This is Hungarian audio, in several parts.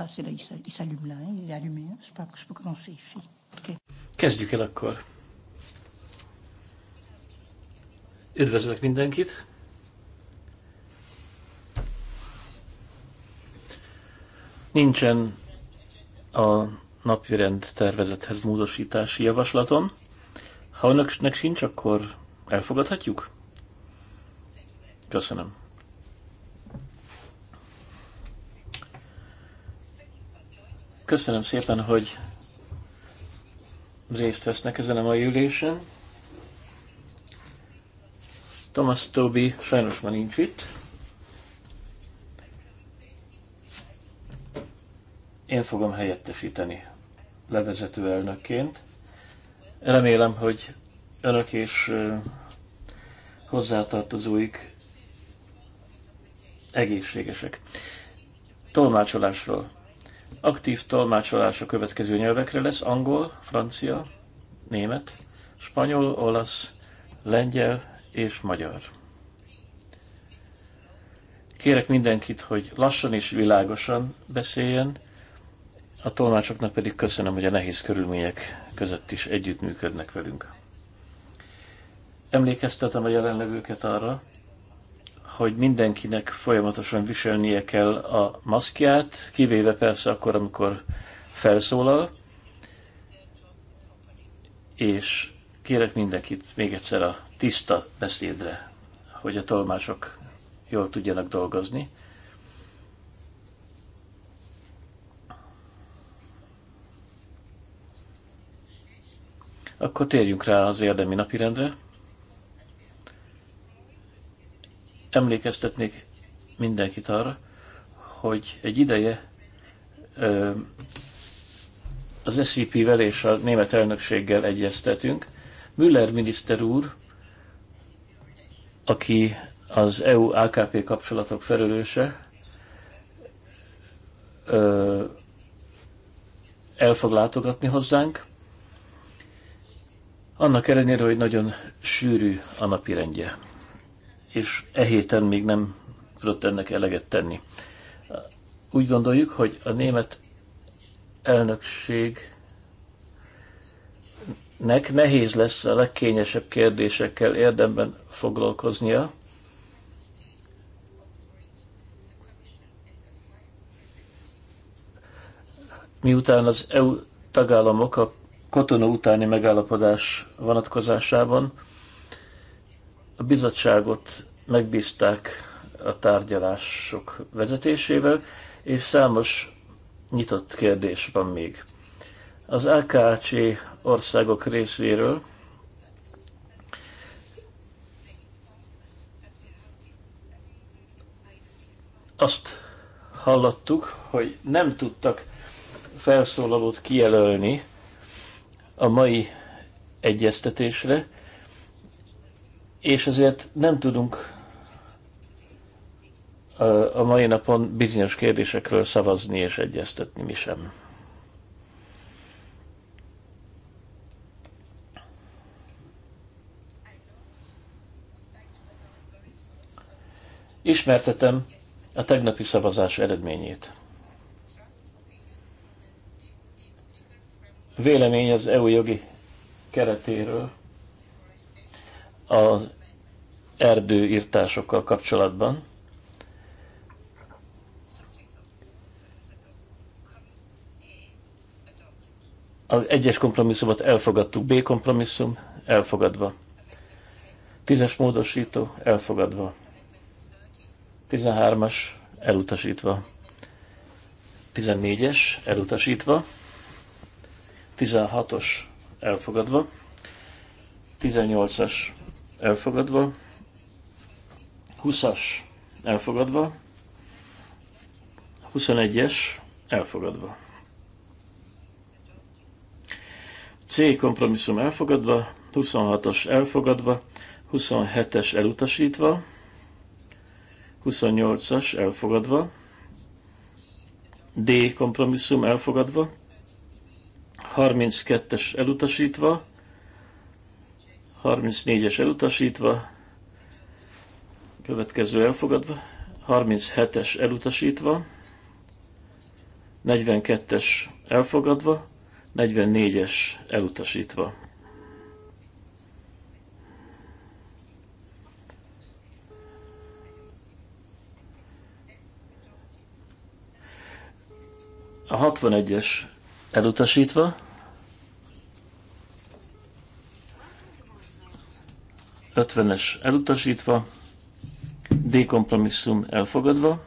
Ah, c'est là, il s'allume là, hein, il est allumé. Hein. Je, peux, je peux commencer ici. Okay. Kezdjük el akkor. Üdvözlök mindenkit! Nincsen a napirend tervezethez módosítási javaslatom. Ha önöknek sincs, akkor elfogadhatjuk? Köszönöm. Köszönöm szépen, hogy részt vesznek ezen a mai ülésen. Thomas Toby sajnos már nincs itt. Én fogom helyettesíteni levezető elnökként. Remélem, hogy önök és hozzátartozóik egészségesek. Tolmácsolásról. Aktív tolmácsolás a következő nyelvekre lesz, angol, francia, német, spanyol, olasz, lengyel és magyar. Kérek mindenkit, hogy lassan és világosan beszéljen, a tolmácsoknak pedig köszönöm, hogy a nehéz körülmények között is együttműködnek velünk. Emlékeztetem a jelenlevőket arra, hogy mindenkinek folyamatosan viselnie kell a maszkját, kivéve persze akkor, amikor felszólal, és kérek mindenkit még egyszer a tiszta beszédre, hogy a tolmások jól tudjanak dolgozni. Akkor térjünk rá az érdemi napirendre. Emlékeztetnék mindenkit arra, hogy egy ideje az SCP-vel és a német elnökséggel egyeztetünk. Müller miniszter úr, aki az EU-AKP kapcsolatok felelőse, el fog látogatni hozzánk, annak ellenére, hogy nagyon sűrű a rendje és e héten még nem tudott ennek eleget tenni. Úgy gondoljuk, hogy a német elnökségnek nehéz lesz a legkényesebb kérdésekkel érdemben foglalkoznia, miután az EU tagállamok a Kotonó utáni megállapodás vonatkozásában a bizottságot megbízták a tárgyalások vezetésével, és számos nyitott kérdés van még. Az AKC országok részéről azt hallottuk, hogy nem tudtak felszólalót kijelölni a mai egyeztetésre, és ezért nem tudunk a mai napon bizonyos kérdésekről szavazni és egyeztetni mi sem. Ismertetem a tegnapi szavazás eredményét. Vélemény az EU jogi keretéről az erdőírtásokkal kapcsolatban. Az egyes kompromisszumot elfogadtuk, B kompromisszum elfogadva. Tízes módosító elfogadva. 13-as elutasítva. 14-es elutasítva. 16-os elfogadva. 18-as elfogadva, 20-as elfogadva, 21-es elfogadva. C kompromisszum elfogadva, 26 as elfogadva, 27-es elutasítva, 28-as elfogadva, D kompromisszum elfogadva, 32-es elutasítva, 34-es elutasítva, következő elfogadva, 37-es elutasítva, 42-es elfogadva, 44-es elutasítva. A 61-es elutasítva, 50-es elutasítva, D kompromisszum elfogadva,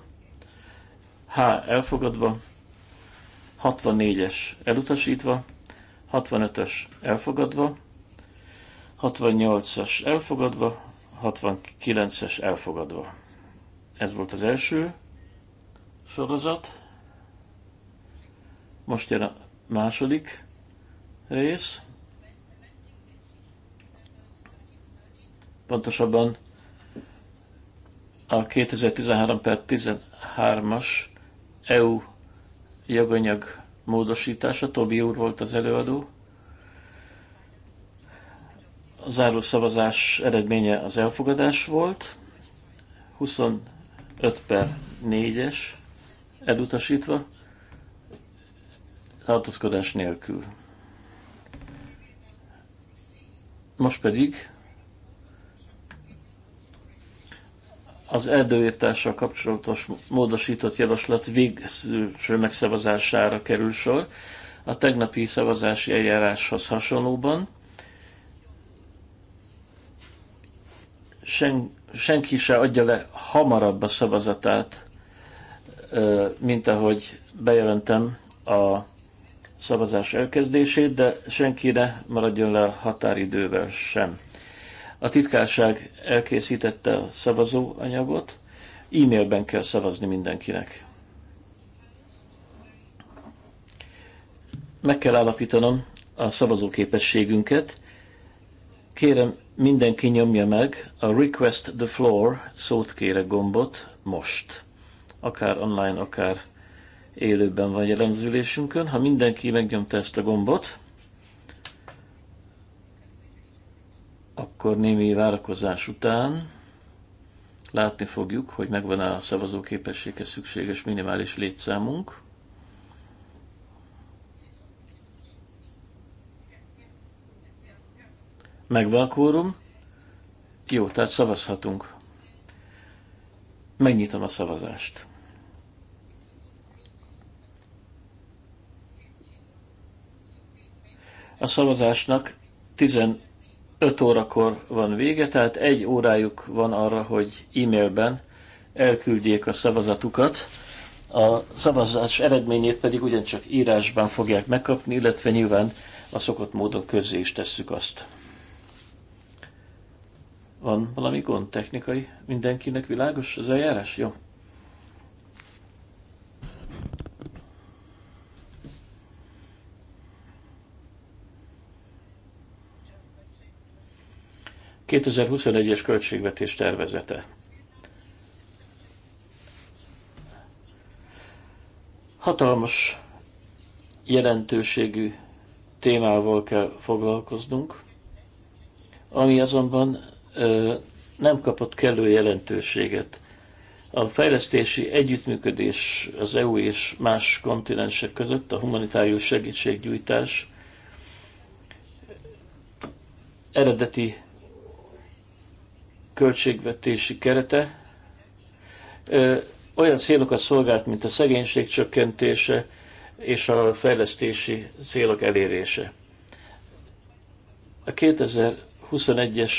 H elfogadva, 64-es elutasítva, 65-ös elfogadva, 68-as elfogadva, 69-es elfogadva. Ez volt az első sorozat. Most jön a második rész. pontosabban a 2013 per 13-as EU jogonyag módosítása, Tobi úr volt az előadó. A záró szavazás eredménye az elfogadás volt, 25 per 4-es elutasítva, tartózkodás nélkül. Most pedig az erdőírtással kapcsolatos módosított javaslat végső megszavazására kerül sor, a tegnapi szavazási eljáráshoz hasonlóban. Sen, senki se adja le hamarabb a szavazatát, mint ahogy bejelentem a szavazás elkezdését, de senki ne maradjon le a határidővel sem. A titkárság elkészítette a szavazóanyagot, e-mailben kell szavazni mindenkinek. Meg kell állapítanom a szavazóképességünket. Kérem, mindenki nyomja meg a Request the Floor szót kérek gombot most. Akár online, akár élőben van jelen az ülésünkön. Ha mindenki megnyomta ezt a gombot, akkor némi várakozás után látni fogjuk, hogy megvan a szavazóképességhez szükséges minimális létszámunk. Megvan a kórum. Jó, tehát szavazhatunk. Megnyitom a szavazást. A szavazásnak 15 5 órakor van vége, tehát egy órájuk van arra, hogy e-mailben elküldjék a szavazatukat, a szavazás eredményét pedig ugyancsak írásban fogják megkapni, illetve nyilván a szokott módon közzé is tesszük azt. Van valami gond technikai? Mindenkinek világos az eljárás? Jó. 2021-es költségvetés tervezete. Hatalmas jelentőségű témával kell foglalkoznunk, ami azonban ö, nem kapott kellő jelentőséget. A fejlesztési együttműködés az EU és más kontinensek között, a humanitárius segítséggyújtás eredeti költségvetési kerete olyan célokat szolgált, mint a szegénység csökkentése és a fejlesztési célok elérése. A 2021-es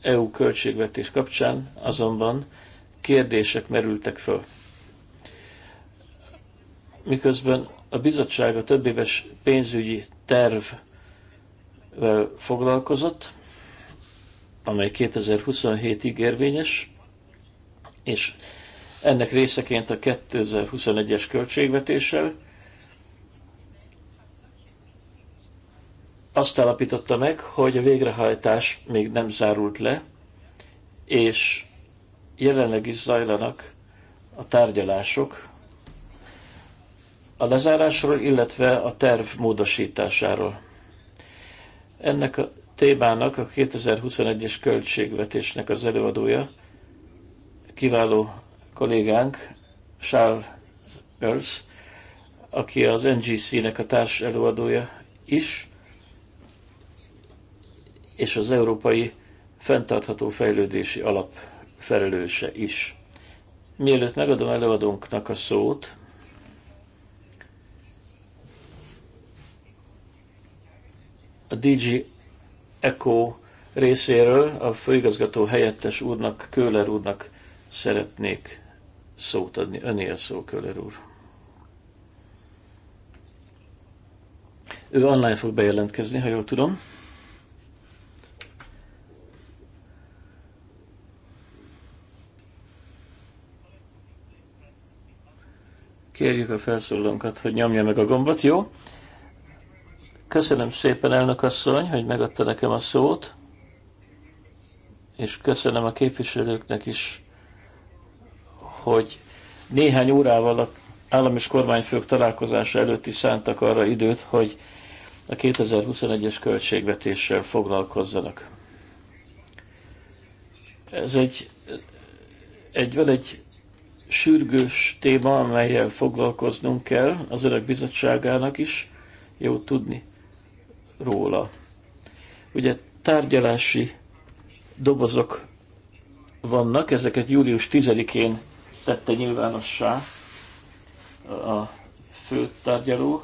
EU költségvetés kapcsán azonban kérdések merültek föl. Miközben a bizottság a többéves pénzügyi tervvel foglalkozott, amely 2027-ig érvényes, és ennek részeként a 2021-es költségvetéssel azt állapította meg, hogy a végrehajtás még nem zárult le, és jelenleg is zajlanak a tárgyalások a lezárásról, illetve a terv módosításáról. Ennek a témának, a 2021-es költségvetésnek az előadója, kiváló kollégánk, Charles Burns, aki az NGC-nek a társ előadója is, és az Európai fenntartható Fejlődési Alap felelőse is. Mielőtt megadom előadónknak a szót, a DG ECO részéről a főigazgató helyettes úrnak, Köhler úrnak szeretnék szót adni. a szó, Köhler úr. Ő online fog bejelentkezni, ha jól tudom. Kérjük a felszólalónkat, hogy nyomja meg a gombot, jó? Köszönöm szépen, elnök asszony, hogy megadta nekem a szót, és köszönöm a képviselőknek is, hogy néhány órával a állam és kormányfők találkozása előtt is szántak arra időt, hogy a 2021-es költségvetéssel foglalkozzanak. Ez egy, egy, van egy sürgős téma, amelyel foglalkoznunk kell, az Önök Bizottságának is, jó tudni róla. Ugye tárgyalási dobozok vannak, ezeket július 10-én tette nyilvánossá a főtárgyaló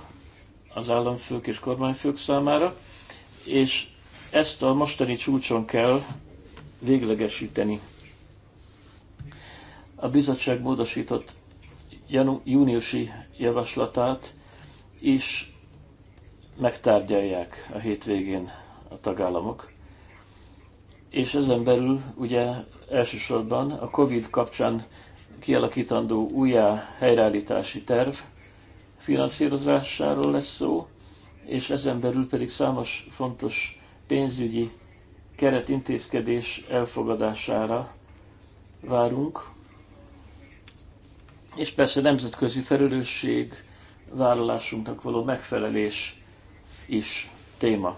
az államfők és kormányfők számára, és ezt a mostani csúcson kell véglegesíteni. A bizottság módosított júniusi javaslatát is megtárgyalják a hétvégén a tagállamok. És ezen belül ugye elsősorban a COVID kapcsán kialakítandó újjá helyreállítási terv finanszírozásáról lesz szó, és ezen belül pedig számos fontos pénzügyi keretintézkedés elfogadására várunk. És persze nemzetközi felelősség vállalásunknak való megfelelés is téma.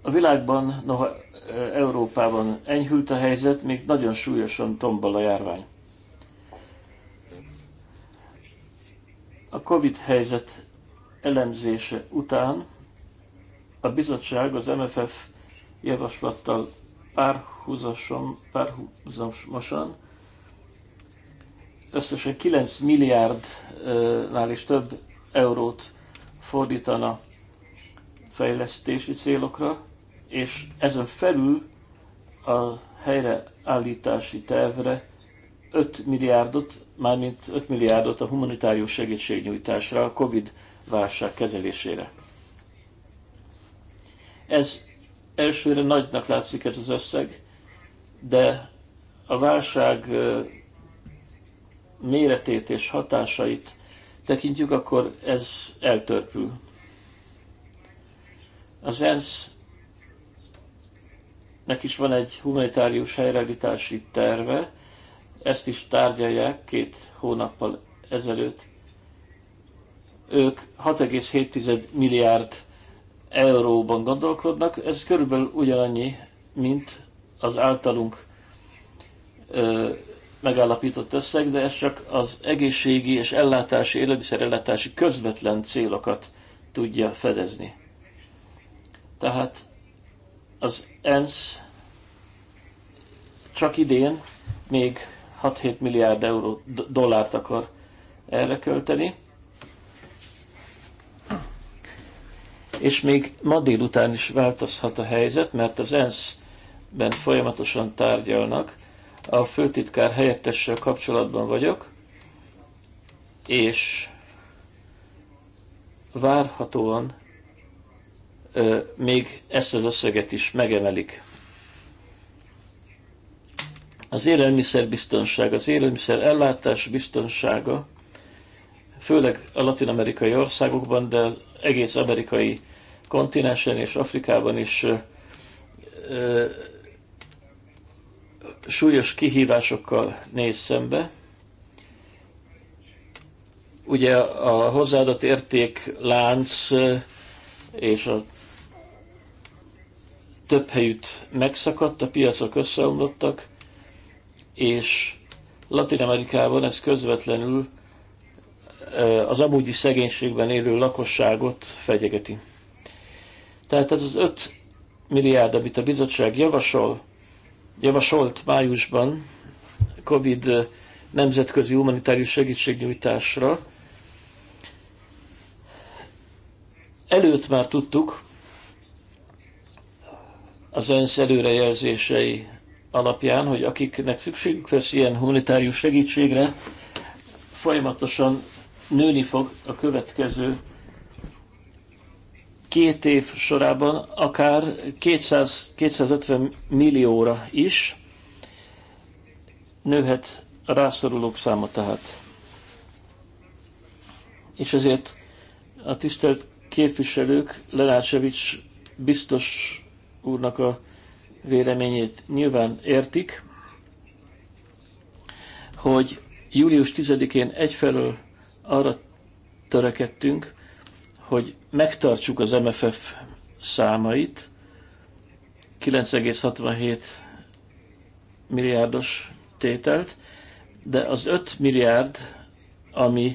A világban, noha Európában enyhült a helyzet, még nagyon súlyosan tombol a járvány. A COVID helyzet elemzése után a bizottság az MFF javaslattal párhuzamosan összesen 9 milliárdnál is több eurót fordítana fejlesztési célokra, és ezen felül a helyreállítási tervre 5 milliárdot, mármint 5 milliárdot a humanitárius segítségnyújtásra, a COVID válság kezelésére. Ez elsőre nagynak látszik ez az összeg, de a válság méretét és hatásait tekintjük, akkor ez eltörpül. Az ENSZ-nek is van egy humanitárius helyreállítási terve, ezt is tárgyalják két hónappal ezelőtt. Ők 6,7 milliárd euróban gondolkodnak, ez körülbelül ugyanannyi, mint az általunk megállapított összeg, de ez csak az egészségi és ellátási, élelmiszerellátási közvetlen célokat tudja fedezni. Tehát az ENSZ csak idén még 6-7 milliárd euró dollárt akar erre költeni. És még ma délután is változhat a helyzet, mert az ENSZ-ben folyamatosan tárgyalnak a főtitkár helyettessel kapcsolatban vagyok, és várhatóan ö, még ezt az összeget is megemelik. Az élelmiszer biztonság, az élelmiszer ellátás biztonsága, főleg a latin-amerikai országokban, de az egész amerikai kontinensen és Afrikában is ö, ö, súlyos kihívásokkal néz szembe. Ugye a hozzáadott érték lánc és a több helyütt megszakadt, a piacok összeomlottak, és Latin Amerikában ez közvetlenül az amúgyi szegénységben élő lakosságot fegyegeti. Tehát ez az 5 milliárd, amit a bizottság javasol, javasolt májusban COVID nemzetközi humanitárius segítségnyújtásra. Előtt már tudtuk az ENSZ előrejelzései alapján, hogy akiknek szükségük lesz ilyen humanitárius segítségre, folyamatosan nőni fog a következő két év sorában akár 200-250 millióra is nőhet a rászorulók száma tehát. És ezért a tisztelt képviselők Lelácsevics biztos úrnak a véleményét nyilván értik, hogy július 10-én egyfelől arra törekedtünk, hogy megtartsuk az MFF számait, 9,67 milliárdos tételt, de az 5 milliárd, ami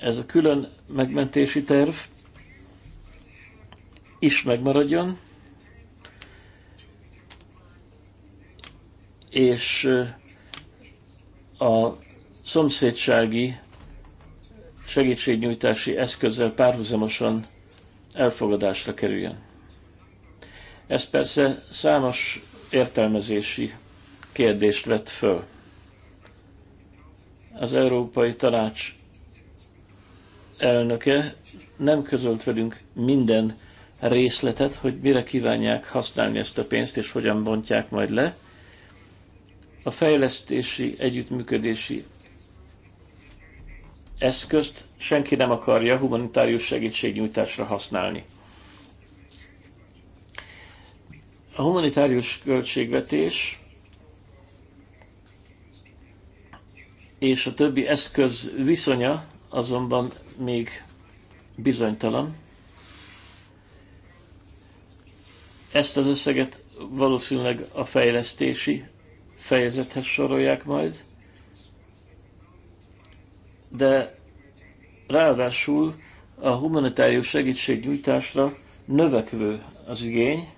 ez a külön megmentési terv, is megmaradjon, és a szomszédsági segítségnyújtási eszközzel párhuzamosan elfogadásra kerüljön. Ez persze számos értelmezési kérdést vett föl. Az Európai Tanács elnöke nem közölt velünk minden részletet, hogy mire kívánják használni ezt a pénzt, és hogyan bontják majd le. A fejlesztési, együttműködési eszközt senki nem akarja humanitárius segítségnyújtásra használni. A humanitárius költségvetés és a többi eszköz viszonya azonban még bizonytalan. Ezt az összeget valószínűleg a fejlesztési fejezethez sorolják majd, de ráadásul a humanitárius segítségnyújtásra növekvő az igény,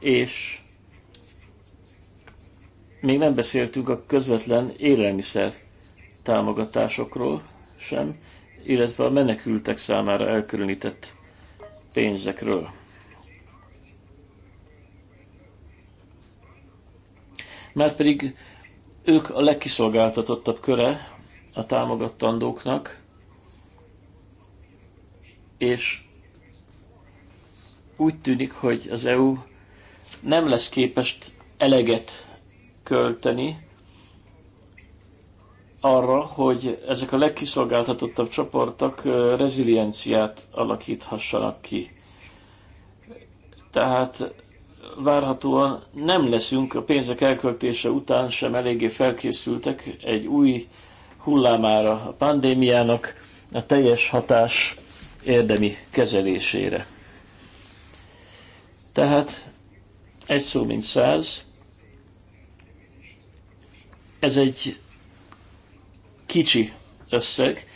és még nem beszéltünk a közvetlen élelmiszer támogatásokról sem, illetve a menekültek számára elkülönített pénzekről. pedig ők a legkiszolgáltatottabb köre a támogattandóknak, és úgy tűnik, hogy az EU nem lesz képes eleget költeni arra, hogy ezek a legkiszolgáltatottabb csoportok rezilienciát alakíthassanak ki. Tehát várhatóan nem leszünk a pénzek elköltése után sem eléggé felkészültek egy új hullámára a pandémiának, a teljes hatás érdemi kezelésére. Tehát egy szó mint száz, ez egy kicsi összeg,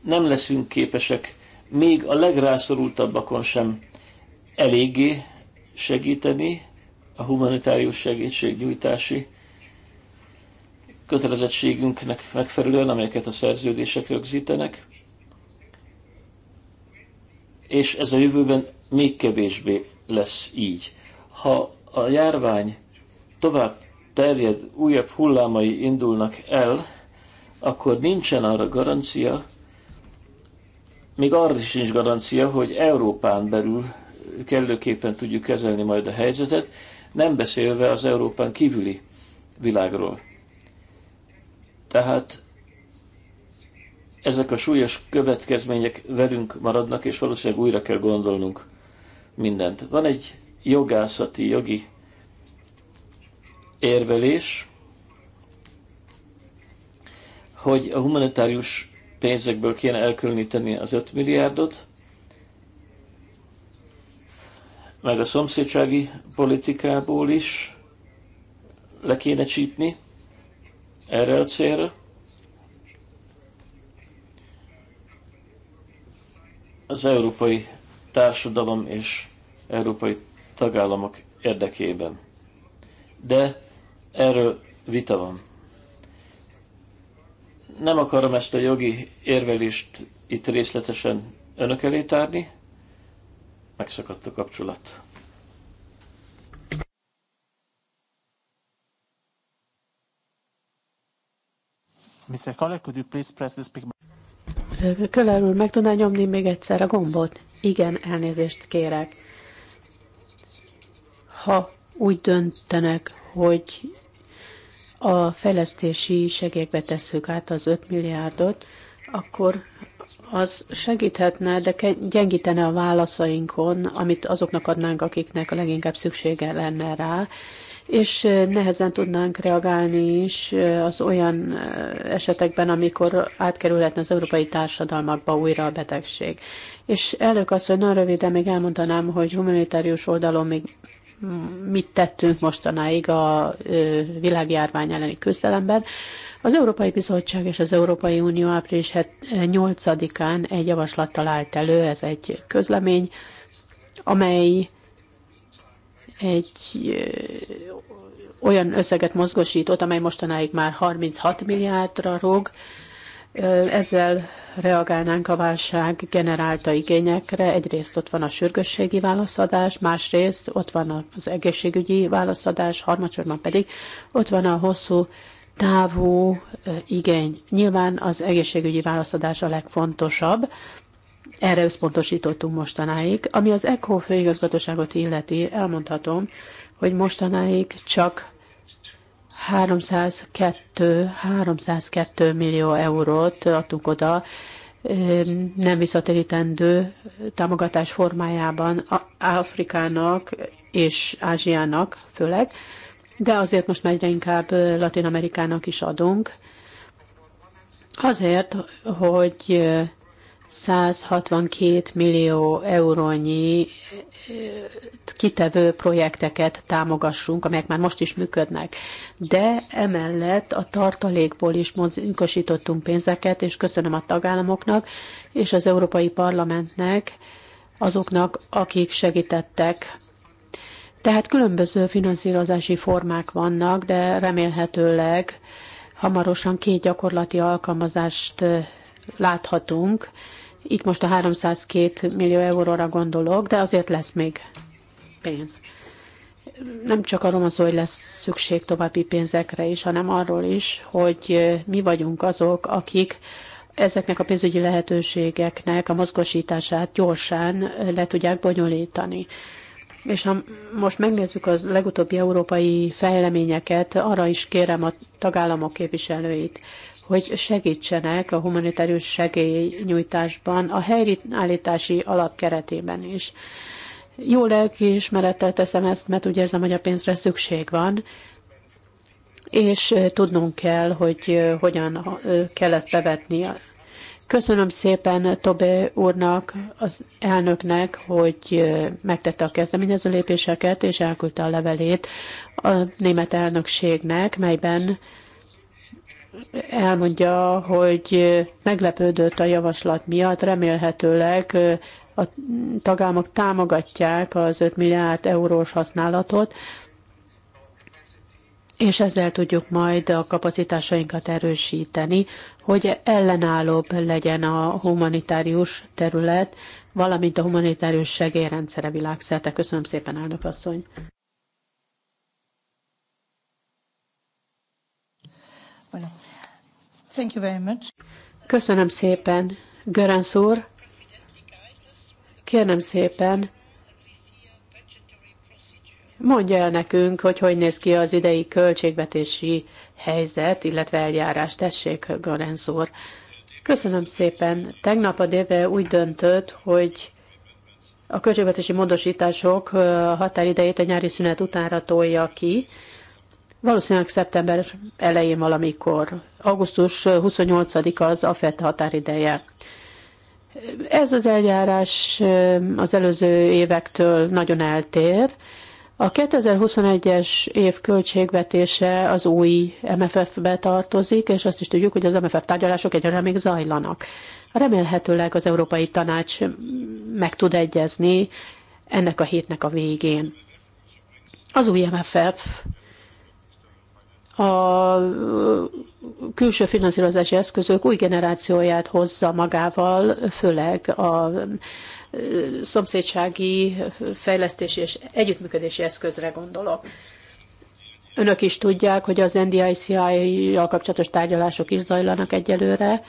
nem leszünk képesek még a legrászorultabbakon sem eléggé segíteni a humanitárius segítségnyújtási kötelezettségünknek megfelelően, amelyeket a szerződések rögzítenek és ez a jövőben még kevésbé lesz így. Ha a járvány tovább terjed, újabb hullámai indulnak el, akkor nincsen arra garancia, még arra is nincs garancia, hogy Európán belül kellőképpen tudjuk kezelni majd a helyzetet, nem beszélve az Európán kívüli világról. Tehát ezek a súlyos következmények velünk maradnak, és valószínűleg újra kell gondolnunk mindent. Van egy jogászati, jogi érvelés, hogy a humanitárius pénzekből kéne elkülöníteni az 5 milliárdot, meg a szomszédsági politikából is le kéne csípni erre a célra, az európai társadalom és európai tagállamok érdekében. De erről vita van. Nem akarom ezt a jogi érvelést itt részletesen önök elé tárni, megszakadt a kapcsolat. Mr. Caller, could you please press the speak Köler úr, meg tudná nyomni még egyszer a gombot? Igen, elnézést kérek. Ha úgy döntenek, hogy a fejlesztési segélyekbe tesszük át az 5 milliárdot, akkor az segíthetne, de gyengítene a válaszainkon, amit azoknak adnánk, akiknek a leginkább szüksége lenne rá, és nehezen tudnánk reagálni is az olyan esetekben, amikor átkerülhetne az európai társadalmakba újra a betegség. És elnök azt, hogy nagyon röviden még elmondanám, hogy humanitárius oldalon még mit tettünk mostanáig a világjárvány elleni küzdelemben. Az Európai Bizottság és az Európai Unió április 8-án egy javaslattal állt elő, ez egy közlemény, amely egy olyan összeget mozgosított, amely mostanáig már 36 milliárdra rog. Ezzel reagálnánk a válság generálta igényekre. Egyrészt ott van a sürgősségi válaszadás, másrészt ott van az egészségügyi válaszadás, harmadsorban pedig ott van a hosszú távú igény. Nyilván az egészségügyi válaszadás a legfontosabb, erre összpontosítottunk mostanáig. Ami az ECHO főigazgatóságot illeti, elmondhatom, hogy mostanáig csak 302-302 millió eurót adtunk oda nem visszatérítendő támogatás formájában Afrikának és Ázsiának főleg de azért most egyre inkább Latin Amerikának is adunk. Azért, hogy 162 millió eurónyi kitevő projekteket támogassunk, amelyek már most is működnek. De emellett a tartalékból is mozgósítottunk pénzeket, és köszönöm a tagállamoknak és az Európai Parlamentnek, azoknak, akik segítettek tehát különböző finanszírozási formák vannak, de remélhetőleg hamarosan két gyakorlati alkalmazást láthatunk. Itt most a 302 millió euróra gondolok, de azért lesz még pénz. Nem csak arról van szó, hogy lesz szükség további pénzekre is, hanem arról is, hogy mi vagyunk azok, akik ezeknek a pénzügyi lehetőségeknek a mozgosítását gyorsan le tudják bonyolítani. És ha most megnézzük az legutóbbi európai fejleményeket, arra is kérem a tagállamok képviselőit, hogy segítsenek a humanitárius segélynyújtásban, a helyreállítási alapkeretében is. Jó lelki ismerettel teszem ezt, mert úgy érzem, hogy a pénzre szükség van, és tudnunk kell, hogy hogyan kell ezt bevetni Köszönöm szépen Tobé úrnak, az elnöknek, hogy megtette a kezdeményező lépéseket, és elküldte a levelét a német elnökségnek, melyben elmondja, hogy meglepődött a javaslat miatt, remélhetőleg a tagállamok támogatják az 5 milliárd eurós használatot, és ezzel tudjuk majd a kapacitásainkat erősíteni, hogy ellenállóbb legyen a humanitárius terület, valamint a humanitárius segélyrendszere világszerte. Köszönöm szépen, elnök asszony! Thank you very much. Köszönöm szépen, Görönsz úr! Kérem szépen, Mondja el nekünk, hogy hogy néz ki az idei költségvetési helyzet, illetve eljárás. Tessék, Garenz úr. Köszönöm szépen. Tegnap a DV úgy döntött, hogy a költségvetési módosítások határidejét a nyári szünet utánra tolja ki. Valószínűleg szeptember elején valamikor. Augusztus 28-a az AFET határideje. Ez az eljárás az előző évektől nagyon eltér. A 2021-es év költségvetése az új MFF-be tartozik, és azt is tudjuk, hogy az MFF tárgyalások egyre még zajlanak. Remélhetőleg az Európai Tanács meg tud egyezni ennek a hétnek a végén. Az új MFF a külső finanszírozási eszközök új generációját hozza magával, főleg a szomszédsági fejlesztési és együttműködési eszközre gondolok. Önök is tudják, hogy az NDICI-jal kapcsolatos tárgyalások is zajlanak egyelőre.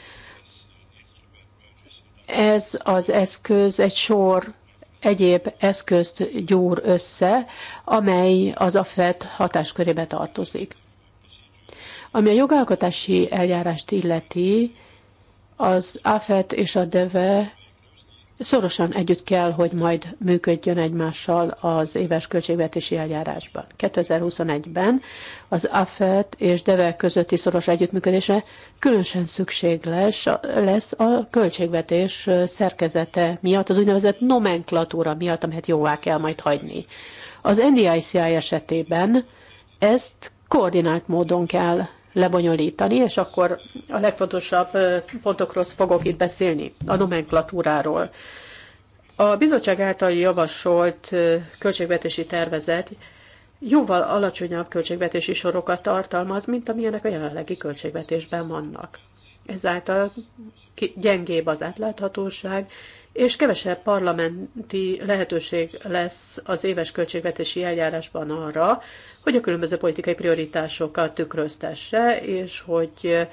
Ez az eszköz egy sor egyéb eszközt gyúr össze, amely az AFET hatáskörébe tartozik. Ami a jogalkotási eljárást illeti, az AFET és a DEVE Szorosan együtt kell, hogy majd működjön egymással az éves költségvetési eljárásban. 2021-ben az AFET és DEVE közötti szoros együttműködése különösen szükség lesz, lesz a költségvetés szerkezete miatt, az úgynevezett nomenklatúra miatt, amelyet jóvá kell majd hagyni. Az NDICI esetében ezt koordinált módon kell lebonyolítani, és akkor a legfontosabb pontokról fogok itt beszélni, a nomenklatúráról. A bizottság által javasolt költségvetési tervezet jóval alacsonyabb költségvetési sorokat tartalmaz, mint amilyenek a jelenlegi költségvetésben vannak. Ezáltal gyengébb az átláthatóság, és kevesebb parlamenti lehetőség lesz az éves költségvetési eljárásban arra, hogy a különböző politikai prioritásokat tükröztesse, és hogy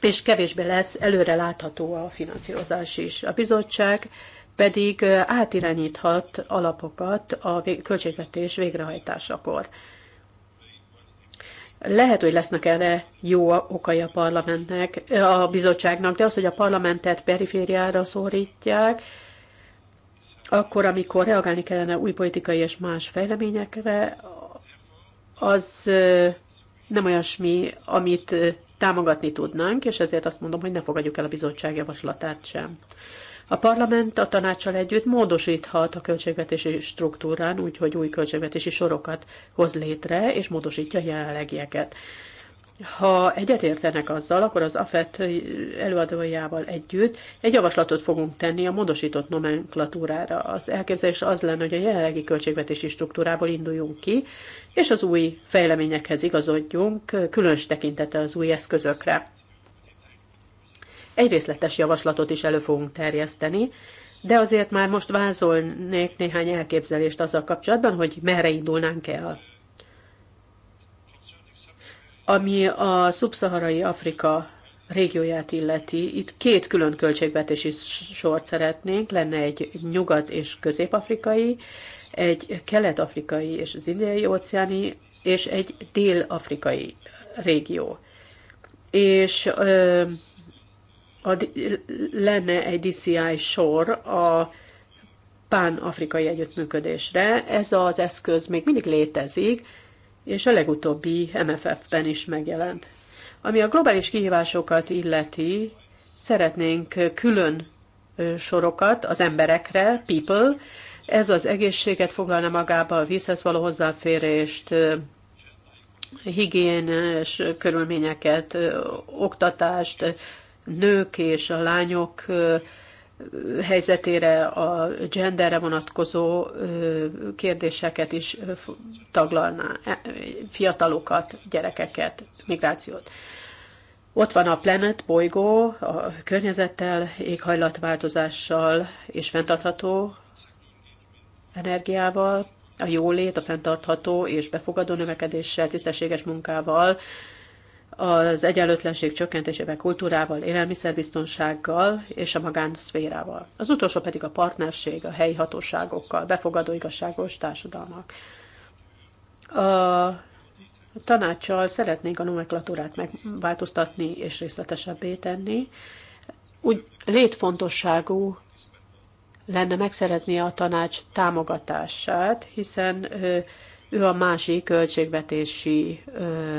és kevésbé lesz előre látható a finanszírozás is. A bizottság pedig átirányíthat alapokat a költségvetés végrehajtásakor. Lehet, hogy lesznek erre jó okai a parlamentnek, a bizottságnak, de az, hogy a parlamentet perifériára szorítják, akkor, amikor reagálni kellene új politikai és más fejleményekre, az nem olyasmi, amit támogatni tudnánk, és ezért azt mondom, hogy ne fogadjuk el a bizottság javaslatát sem. A parlament a tanácsal együtt módosíthat a költségvetési struktúrán, úgyhogy új költségvetési sorokat hoz létre, és módosítja a jelenlegieket. Ha egyetértenek azzal, akkor az AFET előadójával együtt egy javaslatot fogunk tenni a módosított nomenklatúrára. Az elképzelés az lenne, hogy a jelenlegi költségvetési struktúrából induljunk ki, és az új fejleményekhez igazodjunk, különös tekintete az új eszközökre. Egy részletes javaslatot is elő fogunk terjeszteni, de azért már most vázolnék néhány elképzelést azzal kapcsolatban, hogy merre indulnánk el. Ami a szubszaharai Afrika régióját illeti, itt két külön költségvetési sort szeretnénk, lenne egy nyugat- és közép-afrikai, egy kelet-afrikai és az indiai óceáni, és egy dél-afrikai régió. És ö, a, lenne egy DCI sor a pán-afrikai együttműködésre. Ez az eszköz még mindig létezik, és a legutóbbi MFF-ben is megjelent. Ami a globális kihívásokat illeti, szeretnénk külön sorokat az emberekre, people, ez az egészséget foglalna magába, a vízhez való hozzáférést, higiénes körülményeket, oktatást, nők és a lányok helyzetére, a genderre vonatkozó kérdéseket is taglalná, e, fiatalokat, gyerekeket, migrációt. Ott van a Planet bolygó, a környezettel, éghajlatváltozással és fenntartható energiával, a jólét, a fenntartható és befogadó növekedéssel, tisztességes munkával, az egyenlőtlenség csökkentésével, kultúrával, élelmiszerbiztonsággal és a magánszférával. Az utolsó pedig a partnerség a helyi hatóságokkal, befogadó igazságos társadalmak. A tanácssal szeretnénk a nomenklatúrát megváltoztatni és részletesebbé tenni. Úgy létfontosságú lenne megszerezni a tanács támogatását, hiszen ő a másik költségvetési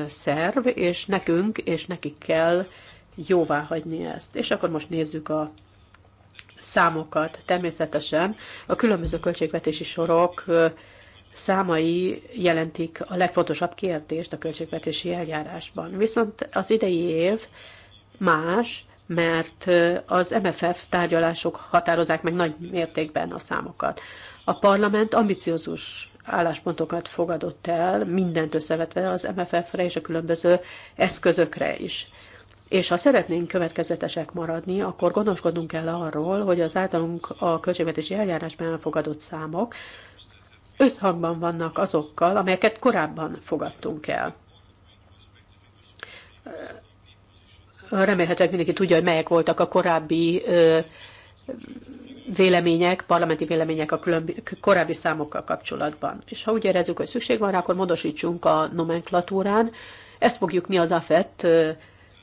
szerv, és nekünk és nekik kell jóvá hagyni ezt. És akkor most nézzük a számokat. Természetesen a különböző költségvetési sorok számai jelentik a legfontosabb kérdést a költségvetési eljárásban. Viszont az idei év más, mert az MFF tárgyalások határozzák meg nagy mértékben a számokat. A parlament ambiciózus álláspontokat fogadott el, mindent összevetve az MFF-re és a különböző eszközökre is. És ha szeretnénk következetesek maradni, akkor gondoskodnunk kell arról, hogy az általunk a költségvetési eljárásban elfogadott számok összhangban vannak azokkal, amelyeket korábban fogadtunk el. Remélhetőleg mindenki tudja, hogy melyek voltak a korábbi vélemények, parlamenti vélemények a korábbi számokkal kapcsolatban. És ha úgy érezzük, hogy szükség van rá, akkor módosítsunk a nomenklatúrán. Ezt fogjuk mi az AFET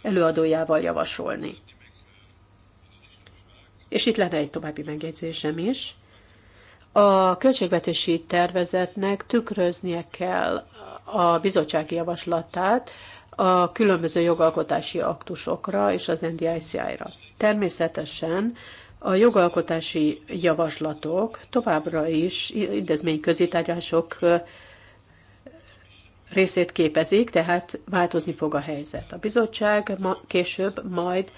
előadójával javasolni. És itt lenne egy további megjegyzésem is. A költségvetési tervezetnek tükröznie kell a bizottsági javaslatát a különböző jogalkotási aktusokra és az NDICI-ra. Természetesen a jogalkotási javaslatok továbbra is intézményközi közítárgyások részét képezik, tehát változni fog a helyzet. A bizottság ma, később majd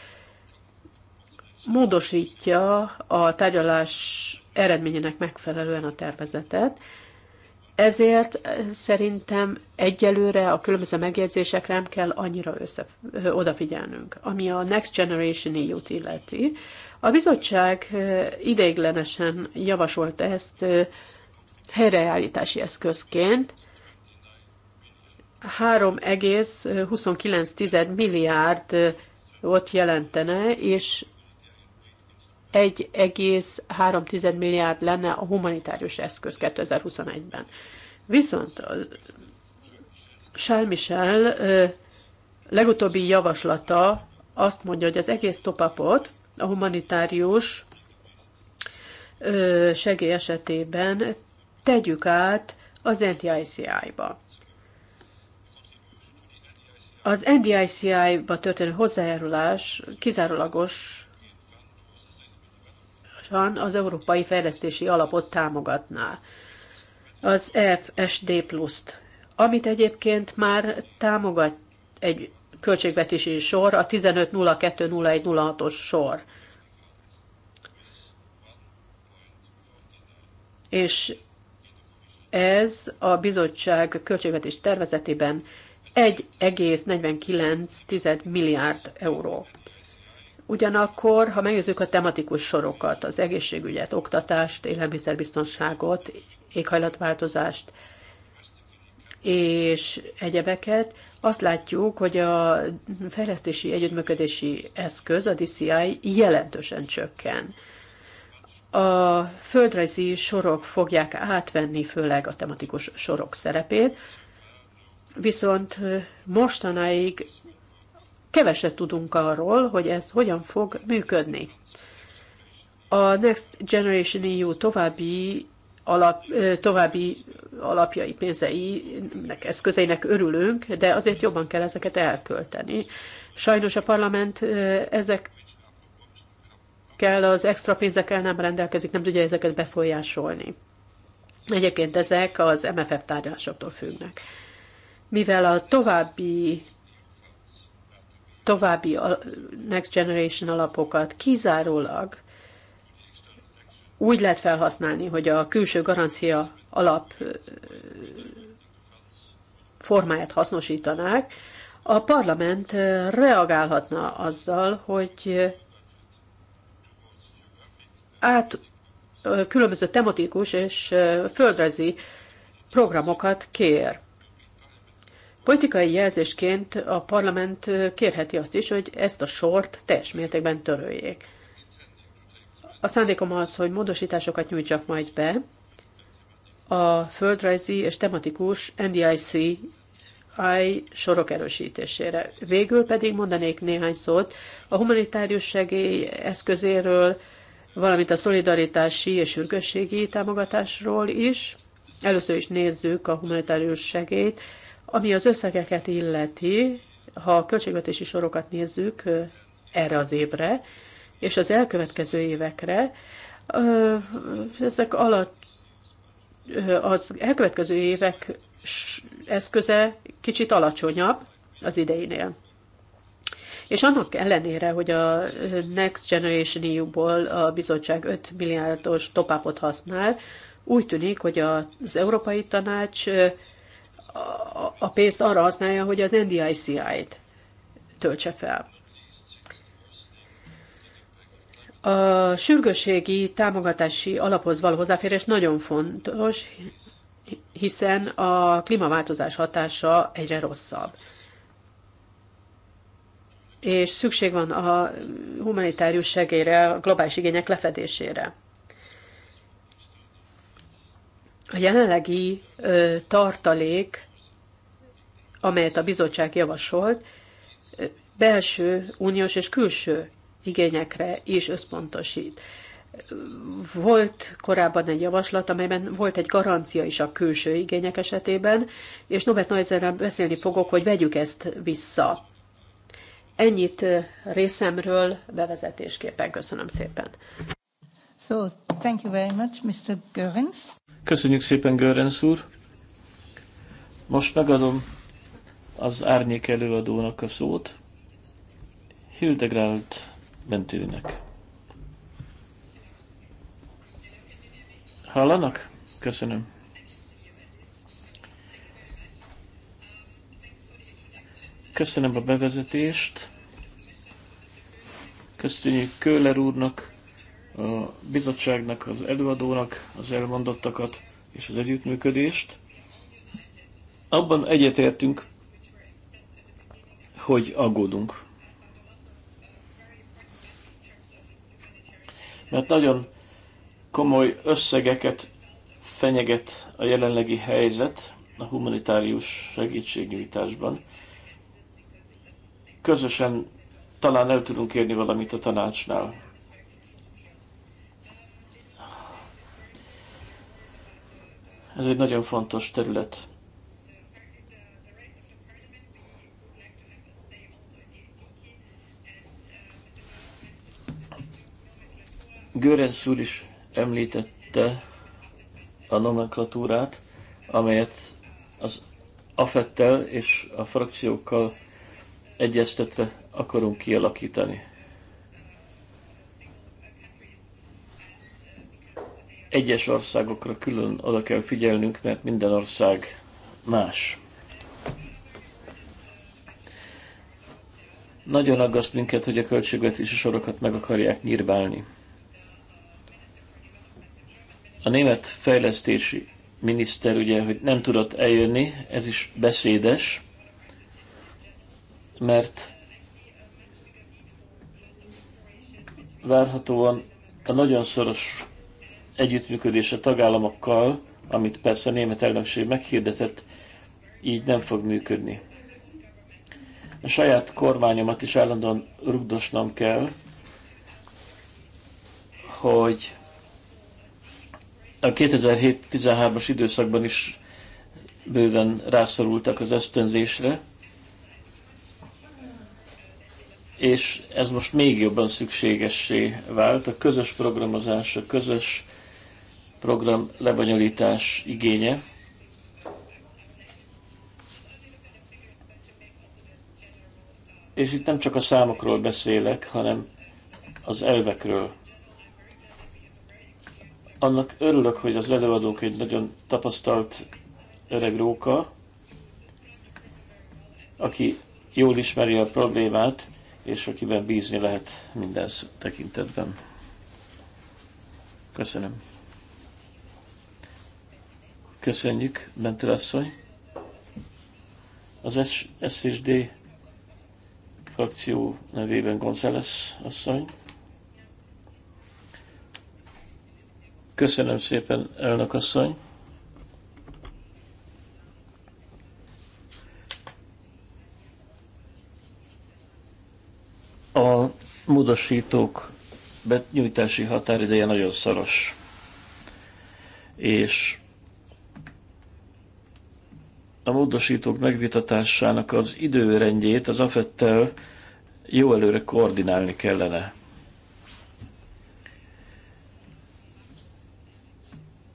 módosítja a tárgyalás eredményének megfelelően a tervezetet, ezért szerintem egyelőre a különböző megjegyzésekre nem kell annyira össze, ö, odafigyelnünk. Ami a Next Generation EU-t illeti, a bizottság ideiglenesen javasolt ezt helyreállítási eszközként 3,29 milliárd ott jelentene, és 1,3 milliárd lenne a humanitárius eszköz 2021-ben. Viszont Charles Michel legutóbbi javaslata azt mondja, hogy az egész topapot a humanitárius segély esetében tegyük át az NDICI-ba. Az NDICI-ba történő hozzájárulás kizárólagos az Európai Fejlesztési Alapot támogatná, az FSD pluszt, amit egyébként már támogat egy költségvetési sor, a 15020106-os sor. És ez a bizottság költségvetés tervezetében 1,49 milliárd euró. Ugyanakkor, ha megnézzük a tematikus sorokat, az egészségügyet, oktatást, élelmiszerbiztonságot, éghajlatváltozást és egyebeket, azt látjuk, hogy a fejlesztési együttműködési eszköz, a DCI jelentősen csökken. A földrajzi sorok fogják átvenni főleg a tematikus sorok szerepét, viszont mostanáig keveset tudunk arról, hogy ez hogyan fog működni. A Next Generation EU további alap, további alapjai, pénzeinek, eszközeinek örülünk, de azért jobban kell ezeket elkölteni. Sajnos a parlament ezek kell az extra pénzekkel nem rendelkezik, nem tudja ezeket befolyásolni. Egyébként ezek az MFF tárgyalásoktól függnek. Mivel a további további Next Generation alapokat kizárólag úgy lehet felhasználni, hogy a külső garancia alap formáját hasznosítanák, a parlament reagálhatna azzal, hogy át különböző tematikus és földrajzi programokat kér. Politikai jelzésként a parlament kérheti azt is, hogy ezt a sort teljes mértékben töröljék. A szándékom az, hogy módosításokat nyújtsak majd be a földrajzi és tematikus NDIC I sorok erősítésére. Végül pedig mondanék néhány szót a humanitárius segély eszközéről, valamint a szolidaritási és sürgősségi támogatásról is. Először is nézzük a humanitárius segélyt, ami az összegeket illeti, ha a költségvetési sorokat nézzük erre az évre, és az elkövetkező évekre, ezek alatt az elkövetkező évek eszköze kicsit alacsonyabb az ideinél. És annak ellenére, hogy a Next Generation EU-ból a bizottság 5 milliárdos topápot használ, úgy tűnik, hogy az Európai Tanács a pénzt arra használja, hogy az NDICI-t töltse fel. A sürgősségi támogatási alaphoz való hozzáférés nagyon fontos, hiszen a klímaváltozás hatása egyre rosszabb. És szükség van a humanitárius segélyre, a globális igények lefedésére. A jelenlegi ö, tartalék, amelyet a bizottság javasolt, belső, uniós és külső igényekre is összpontosít. Volt korábban egy javaslat, amelyben volt egy garancia is a külső igények esetében, és Norbert Neuserrel beszélni fogok, hogy vegyük ezt vissza. Ennyit eh, részemről bevezetésképpen. Köszönöm szépen. So, thank you very much, Mr. Görens. Köszönjük szépen, Görens úr. Most megadom az árnyék előadónak a szót. Hildegrált mentőnek. Hallanak? Köszönöm. Köszönöm a bevezetést. Köszönjük Köhler úrnak, a bizottságnak, az előadónak az elmondottakat és az együttműködést. Abban egyetértünk, hogy aggódunk mert nagyon komoly összegeket fenyeget a jelenlegi helyzet a humanitárius segítségnyújtásban. Közösen talán el tudunk érni valamit a tanácsnál. Ez egy nagyon fontos terület. Görenc úr is említette a nomenklatúrát, amelyet az afettel és a frakciókkal egyeztetve akarunk kialakítani. Egyes országokra külön oda kell figyelnünk, mert minden ország más. Nagyon aggaszt minket, hogy a költségvetési sorokat meg akarják nyírbálni. A német fejlesztési miniszter ugye, hogy nem tudott eljönni, ez is beszédes, mert várhatóan a nagyon szoros együttműködés a tagállamokkal, amit persze a német elnökség meghirdetett, így nem fog működni. A saját kormányomat is állandóan rugdosnom kell, hogy a 2007-13-as időszakban is bőven rászorultak az ösztönzésre, és ez most még jobban szükségessé vált. A közös programozás, a közös program lebonyolítás igénye. És itt nem csak a számokról beszélek, hanem az elvekről. Annak örülök, hogy az előadók egy nagyon tapasztalt öreg róka, aki jól ismeri a problémát, és akiben bízni lehet minden tekintetben. Köszönöm. Köszönjük, Bentő asszony. Az SSD frakció nevében González asszony. Köszönöm szépen, elnök asszony. A módosítók benyújtási határideje nagyon szoros, és a módosítók megvitatásának az időrendjét az afettel jó előre koordinálni kellene.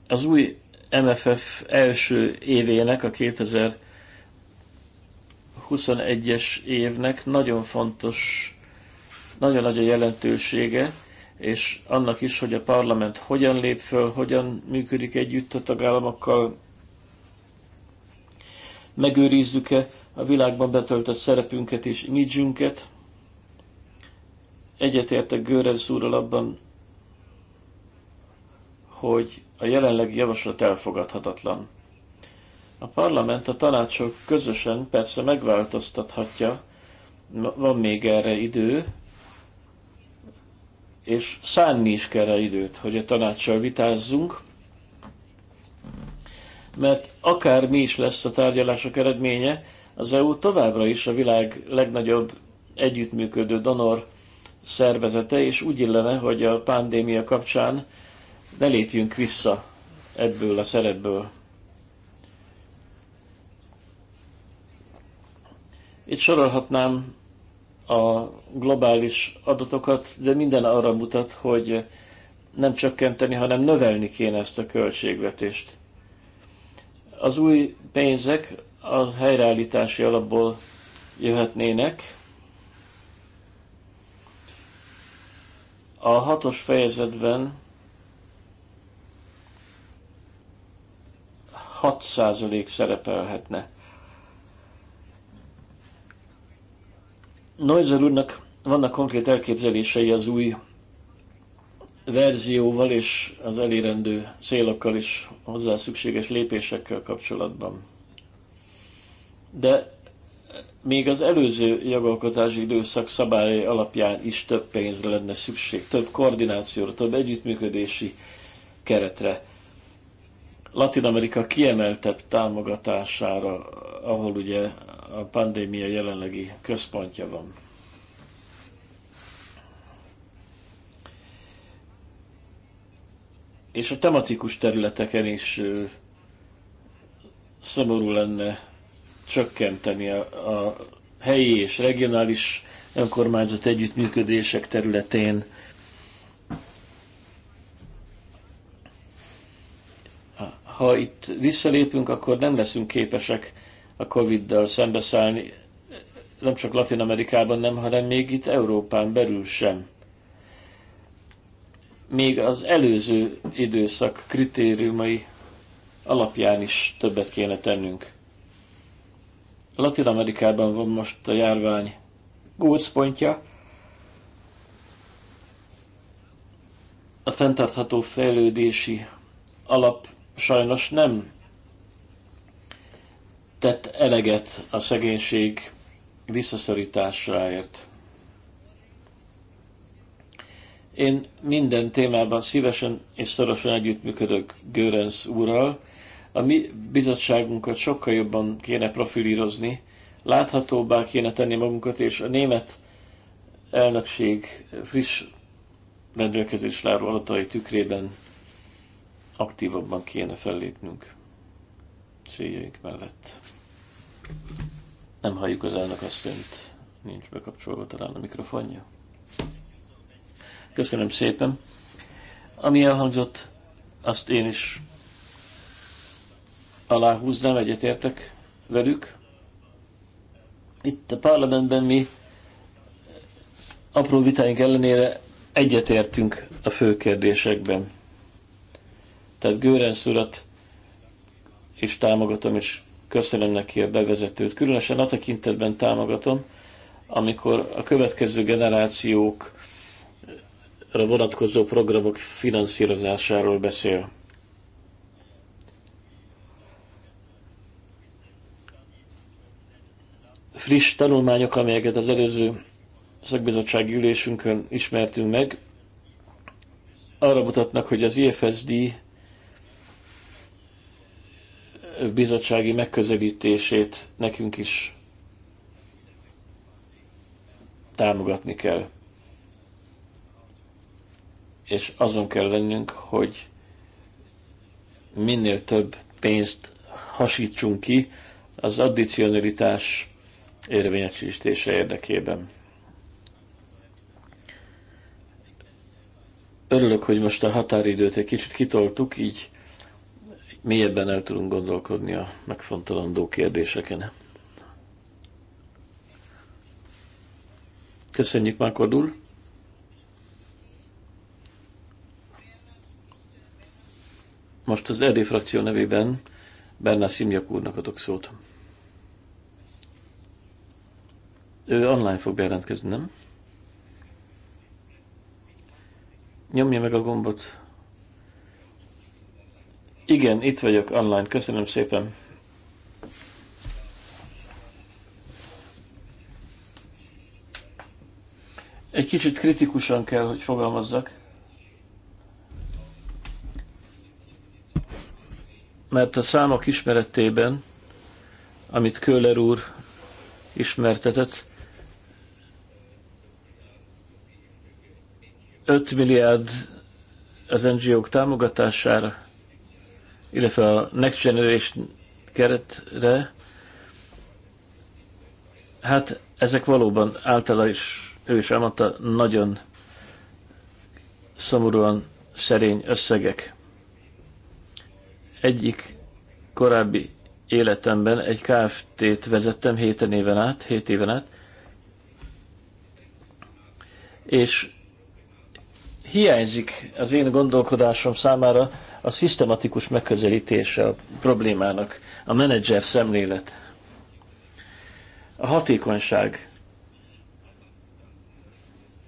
az új MFF első évének, a 2021-es évnek nagyon fontos, nagyon nagy a jelentősége, és annak is, hogy a parlament hogyan lép föl, hogyan működik együtt a tagállamokkal, megőrizzük-e a világban betöltött szerepünket és imidzsünket. Egyetértek Görez úrral abban, hogy a jelenlegi javaslat elfogadhatatlan. A parlament a tanácsok közösen persze megváltoztathatja, van még erre idő, és szánni is kell rá időt, hogy a tanácssal vitázzunk, mert akár mi is lesz a tárgyalások eredménye, az EU továbbra is a világ legnagyobb együttműködő donor szervezete, és úgy illene, hogy a pandémia kapcsán ne lépjünk vissza ebből a szerepből. Itt sorolhatnám a globális adatokat, de minden arra mutat, hogy nem csökkenteni, hanem növelni kéne ezt a költségvetést. Az új pénzek a helyreállítási alapból jöhetnének. A hatos fejezetben 6% szerepelhetne. Noizer úrnak vannak konkrét elképzelései az új verzióval és az elérendő célokkal is, hozzá szükséges lépésekkel kapcsolatban. De még az előző jogalkotási időszak szabályai alapján is több pénzre lenne szükség, több koordinációra, több együttműködési keretre. Latin Amerika kiemeltebb támogatására, ahol ugye a pandémia jelenlegi központja van. És a tematikus területeken is szomorú lenne csökkenteni a, a helyi és regionális önkormányzat együttműködések területén ha itt visszalépünk, akkor nem leszünk képesek a Covid-dal szembeszállni, nem csak Latin Amerikában nem, hanem még itt Európán belül sem. Még az előző időszak kritériumai alapján is többet kéne tennünk. Latin Amerikában van most a járvány gócpontja, a fenntartható fejlődési alap sajnos nem tett eleget a szegénység visszaszorításáért. Én minden témában szívesen és szorosan együttműködök Görenc úrral. A mi bizottságunkat sokkal jobban kéne profilírozni, láthatóbbá kéne tenni magunkat, és a német elnökség friss rendelkezésre adatai tükrében aktívabban kéne fellépnünk céljaink mellett. Nem halljuk az elnök asszonyt, nincs bekapcsolva talán a mikrofonja. Köszönöm szépen. Ami elhangzott, azt én is aláhúznám, egyetértek velük. Itt a parlamentben mi apró vitáink ellenére egyetértünk a fő kérdésekben. Tehát Gőrenc urat is támogatom, és köszönöm neki a bevezetőt. Különösen a tekintetben támogatom, amikor a következő generációkra vonatkozó programok finanszírozásáról beszél. Friss tanulmányok, amelyeket az előző szakbizottsági ülésünkön ismertünk meg, arra mutatnak, hogy az IFSD bizottsági megközelítését nekünk is támogatni kell. És azon kell lennünk, hogy minél több pénzt hasítsunk ki az addicionalitás érvényesítése érdekében. Örülök, hogy most a határidőt egy kicsit kitoltuk, így mélyebben el tudunk gondolkodni a megfontolandó kérdéseken. Köszönjük, Mákodul! Most az ED frakció nevében Berná Szimjak úrnak adok szót. Ő online fog bejelentkezni, nem? Nyomja meg a gombot. Igen, itt vagyok online, köszönöm szépen. Egy kicsit kritikusan kell, hogy fogalmazzak. Mert a számok ismeretében, amit Köhler úr ismertetett, 5 milliárd az NGO-k támogatására, illetve a Next Generation keretre, hát ezek valóban általa is, ő is elmondta, nagyon szomorúan szerény összegek. Egyik korábbi életemben egy KFT-t vezettem 7 éven át, 7 éven át, és hiányzik az én gondolkodásom számára a szisztematikus megközelítése a problémának, a menedzser szemlélet, a hatékonyság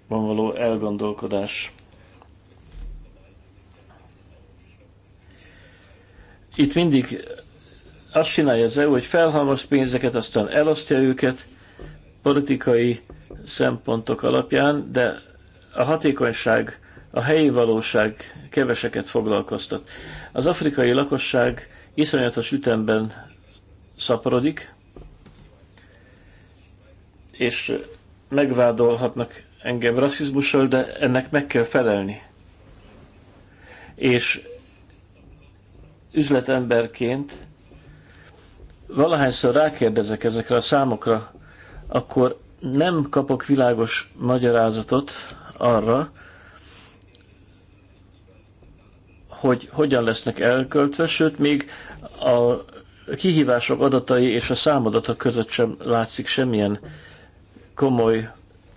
van való elgondolkodás. Itt mindig azt csinálja az EU, hogy felhalmoz pénzeket, aztán elosztja őket politikai szempontok alapján, de a hatékonyság a helyi valóság keveseket foglalkoztat. Az afrikai lakosság iszonyatos ütemben szaporodik, és megvádolhatnak engem rasszizmussal, de ennek meg kell felelni. És üzletemberként valahányszor rákérdezek ezekre a számokra, akkor nem kapok világos magyarázatot arra, hogy hogyan lesznek elköltve, sőt még a kihívások adatai és a számadatok között sem látszik semmilyen komoly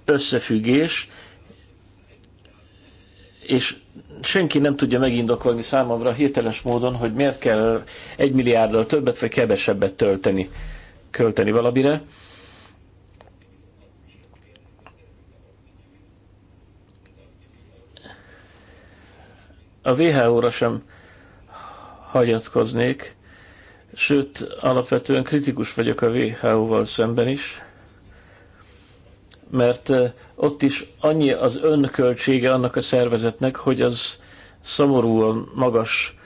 összefüggés, és senki nem tudja megindokolni számomra hirteles módon, hogy miért kell egy milliárddal többet vagy kevesebbet tölteni, költeni valamire. A WHO-ra sem hagyatkoznék, sőt, alapvetően kritikus vagyok a WHO-val szemben is, mert ott is annyi az önköltsége annak a szervezetnek, hogy az szomorúan magas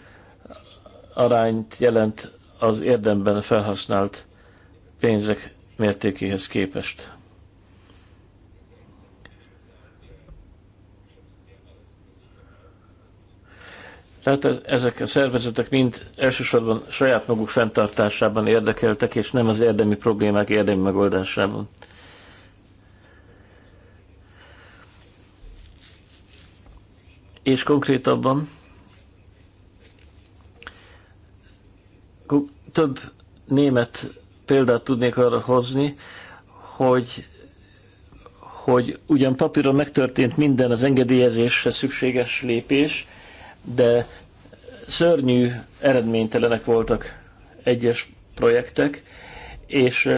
arányt jelent az érdemben felhasznált pénzek mértékéhez képest. Tehát ezek a szervezetek mind elsősorban saját maguk fenntartásában érdekeltek, és nem az érdemi problémák érdemi megoldásában. És konkrétabban több német példát tudnék arra hozni, hogy hogy ugyan papíron megtörtént minden az engedélyezéshez szükséges lépés, de szörnyű eredménytelenek voltak egyes projektek, és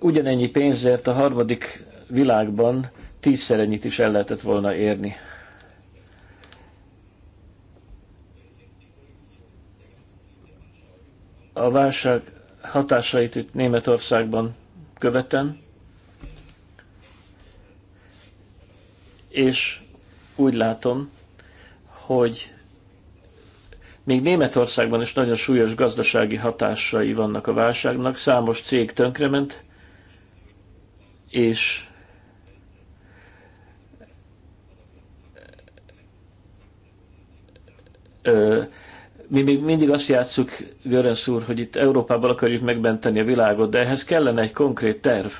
ugyanennyi pénzért a harmadik világban tízszer ennyit is el lehetett volna érni. A válság hatásait itt Németországban követem, és úgy látom, hogy még Németországban is nagyon súlyos gazdasági hatásai vannak a válságnak, számos cég tönkrement, és ö, mi még mindig azt játsszuk, Görönsz úr, hogy itt Európában akarjuk megmenteni a világot, de ehhez kellene egy konkrét terv.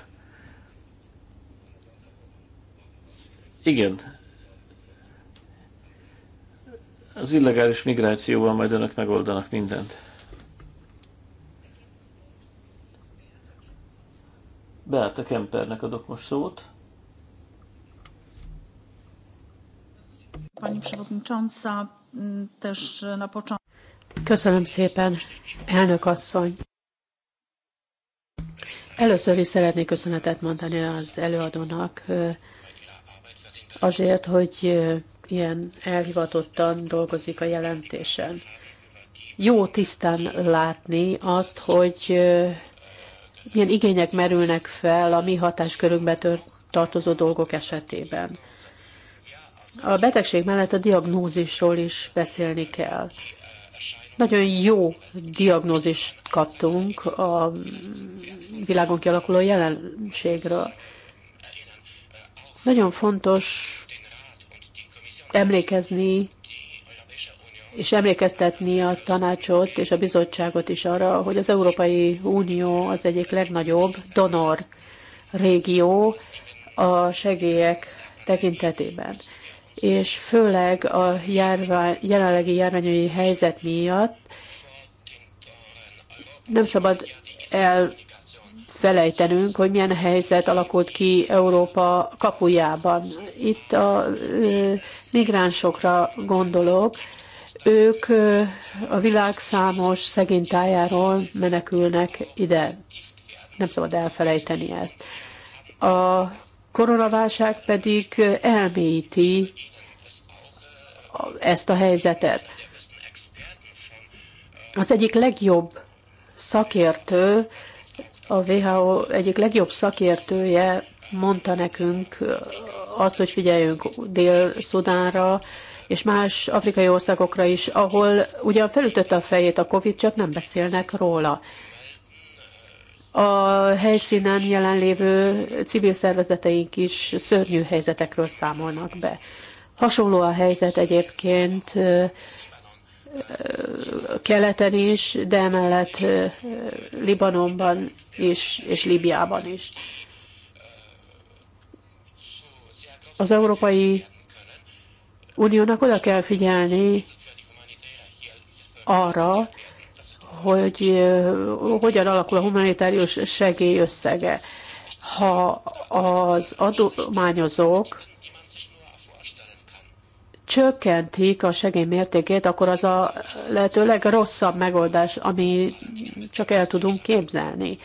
Igen, az illegális migrációval majd önök megoldanak mindent. Beáta Kempernek adok most szót. Pani Przewodnicząca, mm, też na początku. Köszönöm szépen, elnök asszony. Először is szeretnék köszönetet mondani az előadónak azért, hogy ilyen elhivatottan dolgozik a jelentésen. Jó tisztán látni azt, hogy milyen igények merülnek fel a mi hatáskörünkbe tartozó dolgok esetében. A betegség mellett a diagnózisról is beszélni kell. Nagyon jó diagnózist kaptunk a világon kialakuló jelenségről. Nagyon fontos emlékezni és emlékeztetni a tanácsot és a bizottságot is arra, hogy az Európai Unió az egyik legnagyobb donor régió a segélyek tekintetében. És főleg a járvány, jelenlegi járványai helyzet miatt nem szabad el felejtenünk, hogy milyen helyzet alakult ki Európa kapujában. Itt a migránsokra gondolok, ők a világ számos szegénytájáról menekülnek ide. Nem szabad elfelejteni ezt. A koronaválság pedig elmélyíti ezt a helyzetet. Az egyik legjobb szakértő a WHO egyik legjobb szakértője mondta nekünk azt, hogy figyeljünk Dél-Szudánra, és más afrikai országokra is, ahol ugyan felütötte a fejét a Covid, csak nem beszélnek róla. A helyszínen jelenlévő civil szervezeteink is szörnyű helyzetekről számolnak be. Hasonló a helyzet egyébként keleten is, de emellett Libanonban is, és Libiában is. Az Európai Uniónak oda kell figyelni arra, hogy hogyan alakul a humanitárius segély összege. Ha az adományozók csökkentik a segély mértékét, akkor az a lehető legrosszabb megoldás, ami csak el tudunk képzelni.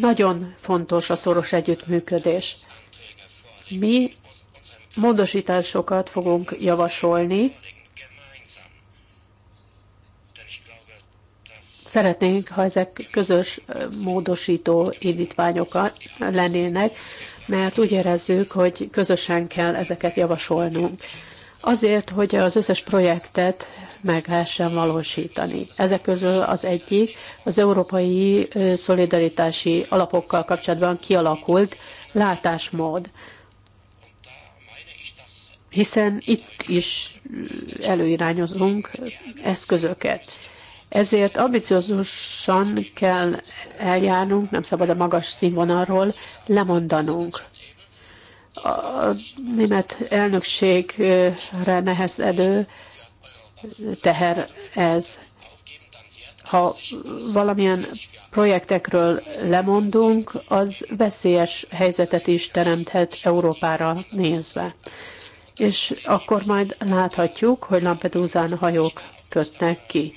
Nagyon fontos a szoros együttműködés. Mi módosításokat fogunk javasolni. Szeretnénk, ha ezek közös módosító indítványok lennének, mert úgy érezzük, hogy közösen kell ezeket javasolnunk. Azért, hogy az összes projektet meg lehessen valósítani. Ezek közül az egyik az európai szolidaritási alapokkal kapcsolatban kialakult látásmód. Hiszen itt is előirányozunk eszközöket. Ezért ambiciózusan kell eljárnunk, nem szabad a magas színvonalról lemondanunk. A német elnökségre nehezedő teher ez. Ha valamilyen projektekről lemondunk, az veszélyes helyzetet is teremthet Európára nézve. És akkor majd láthatjuk, hogy Lampedusán hajók kötnek ki.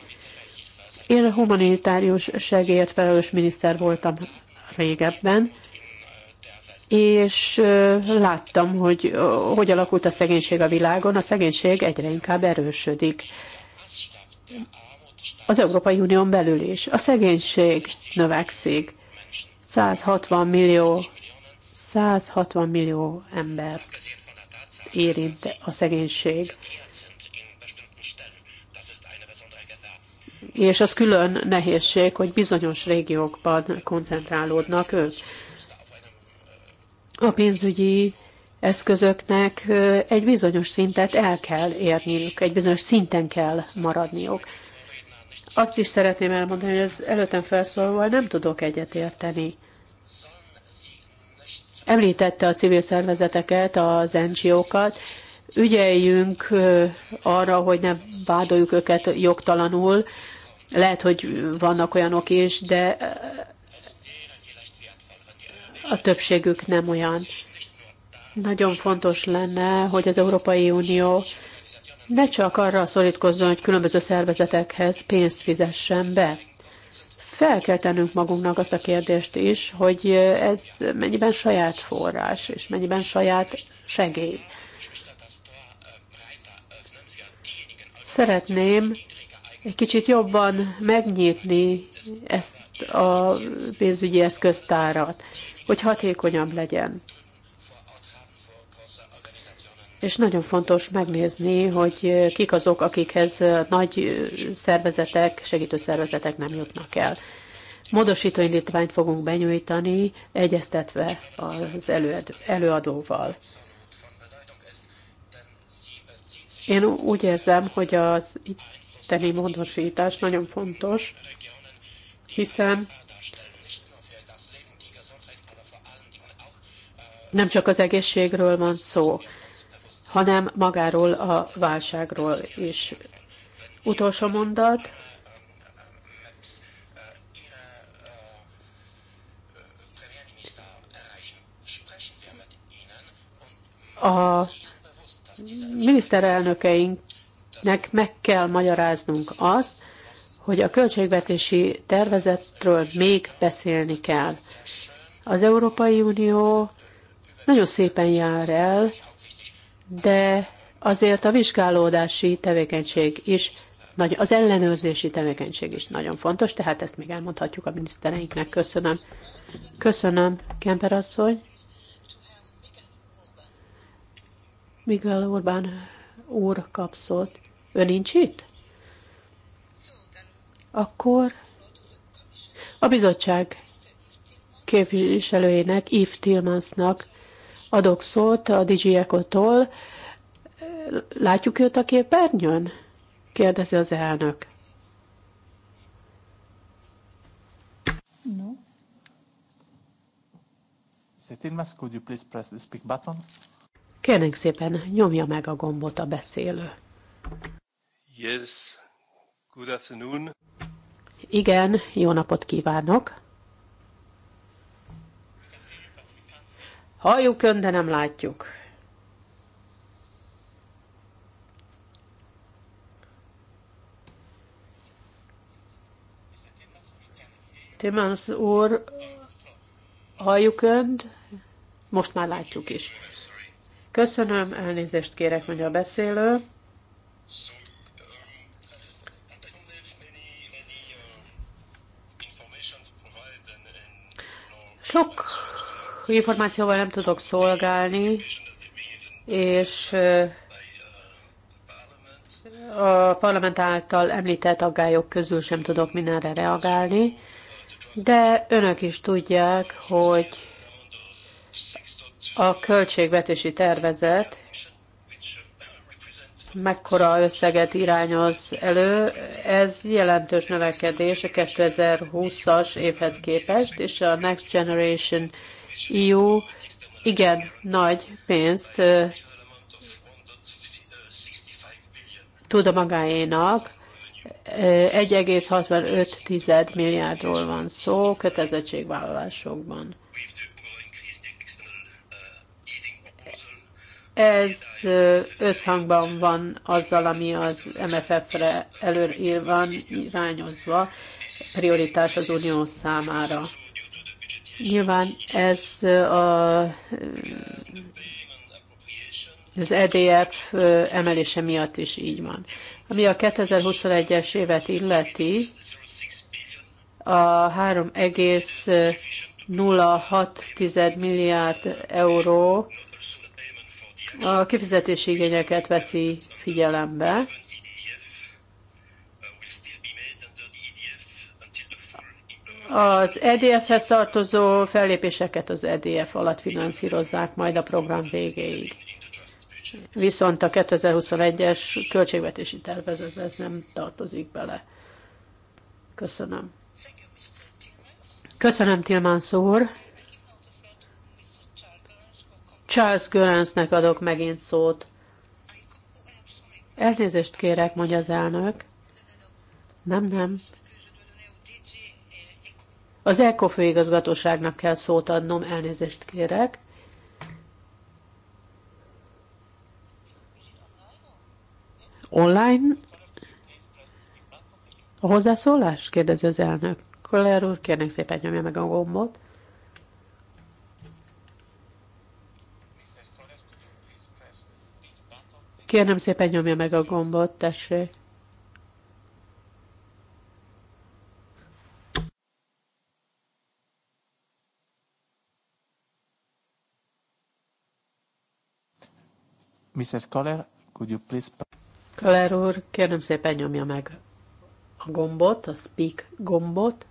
Én humanitárius segélyért felelős miniszter voltam régebben, és láttam, hogy hogy alakult a szegénység a világon. A szegénység egyre inkább erősödik. Az Európai Unión belül is. A szegénység növekszik. 160 millió 160 millió ember érint a szegénység. és az külön nehézség, hogy bizonyos régiókban koncentrálódnak ők. A pénzügyi eszközöknek egy bizonyos szintet el kell érniük, egy bizonyos szinten kell maradniuk. Azt is szeretném elmondani, hogy az előttem felszólóval nem tudok egyetérteni. Említette a civil szervezeteket, az NGO-kat. Ügyeljünk arra, hogy ne vádoljuk őket jogtalanul, lehet, hogy vannak olyanok is, de eh, a többségük nem olyan. Nagyon fontos lenne, hogy az Európai Unió ne csak arra szorítkozzon, hogy különböző szervezetekhez pénzt fizessen be. Fel kell tennünk magunknak azt a kérdést is, hogy ez mennyiben saját forrás, és mennyiben saját segély. Szeretném, egy kicsit jobban megnyitni ezt a pénzügyi eszköztárat, hogy hatékonyabb legyen. És nagyon fontos megnézni, hogy kik azok, akikhez nagy szervezetek, segítő szervezetek nem jutnak el. Módosító indítványt fogunk benyújtani, egyeztetve az előadóval. Én úgy érzem, hogy az isteni módosítás nagyon fontos, hiszen nem csak az egészségről van szó, hanem magáról a válságról is. Utolsó mondat. A miniszterelnökeink nek meg kell magyaráznunk azt, hogy a költségvetési tervezetről még beszélni kell. Az Európai Unió nagyon szépen jár el, de azért a vizsgálódási tevékenység is, nagy, az ellenőrzési tevékenység is nagyon fontos, tehát ezt még elmondhatjuk a minisztereinknek. Köszönöm. Köszönöm, Kemper asszony. Miguel Orbán úr kapszott. Ő nincs itt? Akkor a bizottság képviselőjének, Yves Tillmansnak adok szót a DigiEco-tól. Látjuk őt a képernyőn? kérdezi az elnök. No. Kérnénk szépen, nyomja meg a gombot a beszélő. Yes, good afternoon. Igen, jó napot kívánok. Halljuk ön, de nem látjuk. Timmermans úr, halljuk önt, most már látjuk is. Köszönöm, elnézést kérek, mondja a beszélő. Sok információval nem tudok szolgálni, és a parlament által említett aggályok közül sem tudok mindenre reagálni, de önök is tudják, hogy a költségvetési tervezet mekkora összeget irányoz elő. Ez jelentős növekedés a 2020-as évhez képest, és a Next Generation EU igen nagy pénzt tud a magáénak. 1,65 milliárdról van szó kötelezettségvállalásokban. Ez összhangban van azzal, ami az MFF-re előre van irányozva, prioritás az unió számára. Nyilván ez a, az EDF emelése miatt is így van. Ami a 2021-es évet illeti, a 3,06 milliárd euró a kifizetési igényeket veszi figyelembe. Az EDF-hez tartozó fellépéseket az EDF alatt finanszírozzák majd a program végéig. Viszont a 2021-es költségvetési tervezetbe ez nem tartozik bele. Köszönöm. Köszönöm, Tilmán úr. Charles Göransnek adok megint szót. Elnézést kérek, mondja az elnök. Nem, nem. Az ECO főigazgatóságnak kell szót adnom, elnézést kérek. Online? A hozzászólás? kérdezi az elnök. Kollár úr, kérnek szépen nyomja meg a gombot. Kérem szépen nyomja meg a gombot, tessék. Mr. Kaller, could you please... Kaller úr, kérem szépen nyomja meg a gombot, a speak gombot.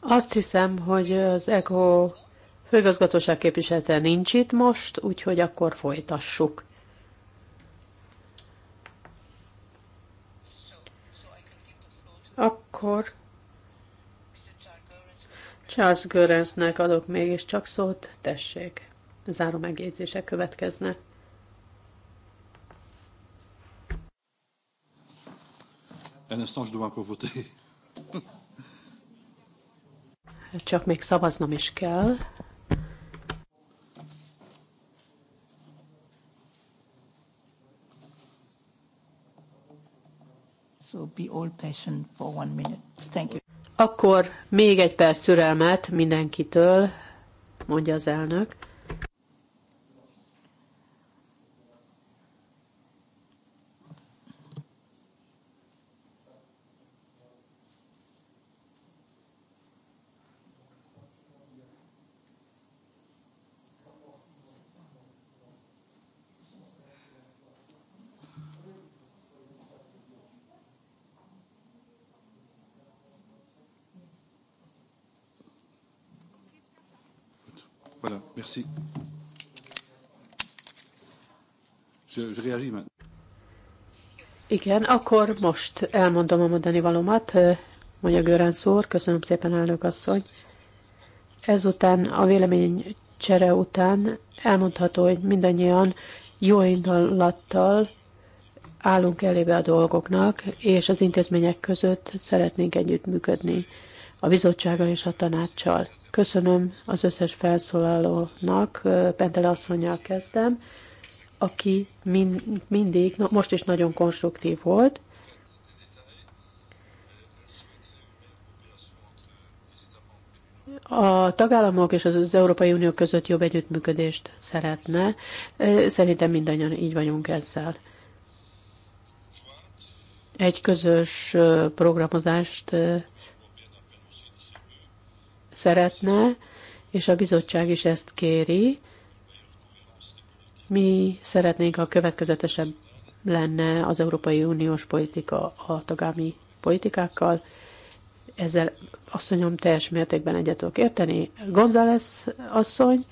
Azt hiszem, hogy az ECHO főgazgatóság képviselete nincs itt most, úgyhogy akkor folytassuk. Akkor Charles Görensnek adok mégiscsak szót, tessék. Záró megjegyzések következnek. Un instant, je dois encore voter. Csak még szavaznom is kell. So be all patient for one minute. Thank you. Akkor még egy perc türelmet mindenkitől, mondja az elnök. je réagis maintenant. Igen, akkor most elmondom a mondani valomat, eh, mondja Görán szór, köszönöm szépen, elnök asszony. Ezután, a vélemény csere után elmondható, hogy mindannyian jó indulattal állunk elébe a dolgoknak, és az intézmények között szeretnénk együttműködni a bizottsággal és a tanácssal. Köszönöm az összes felszólalónak, eh, Pentele asszonynal kezdem aki mind, mindig, most is nagyon konstruktív volt, a tagállamok és az Európai Unió között jobb együttműködést szeretne. Szerintem mindannyian így vagyunk ezzel. Egy közös programozást szeretne, és a bizottság is ezt kéri. Mi szeretnénk, ha következetesebb lenne az Európai Uniós politika a tagámi politikákkal. Ezzel asszonyom teljes mértékben egyet tudok érteni. González asszony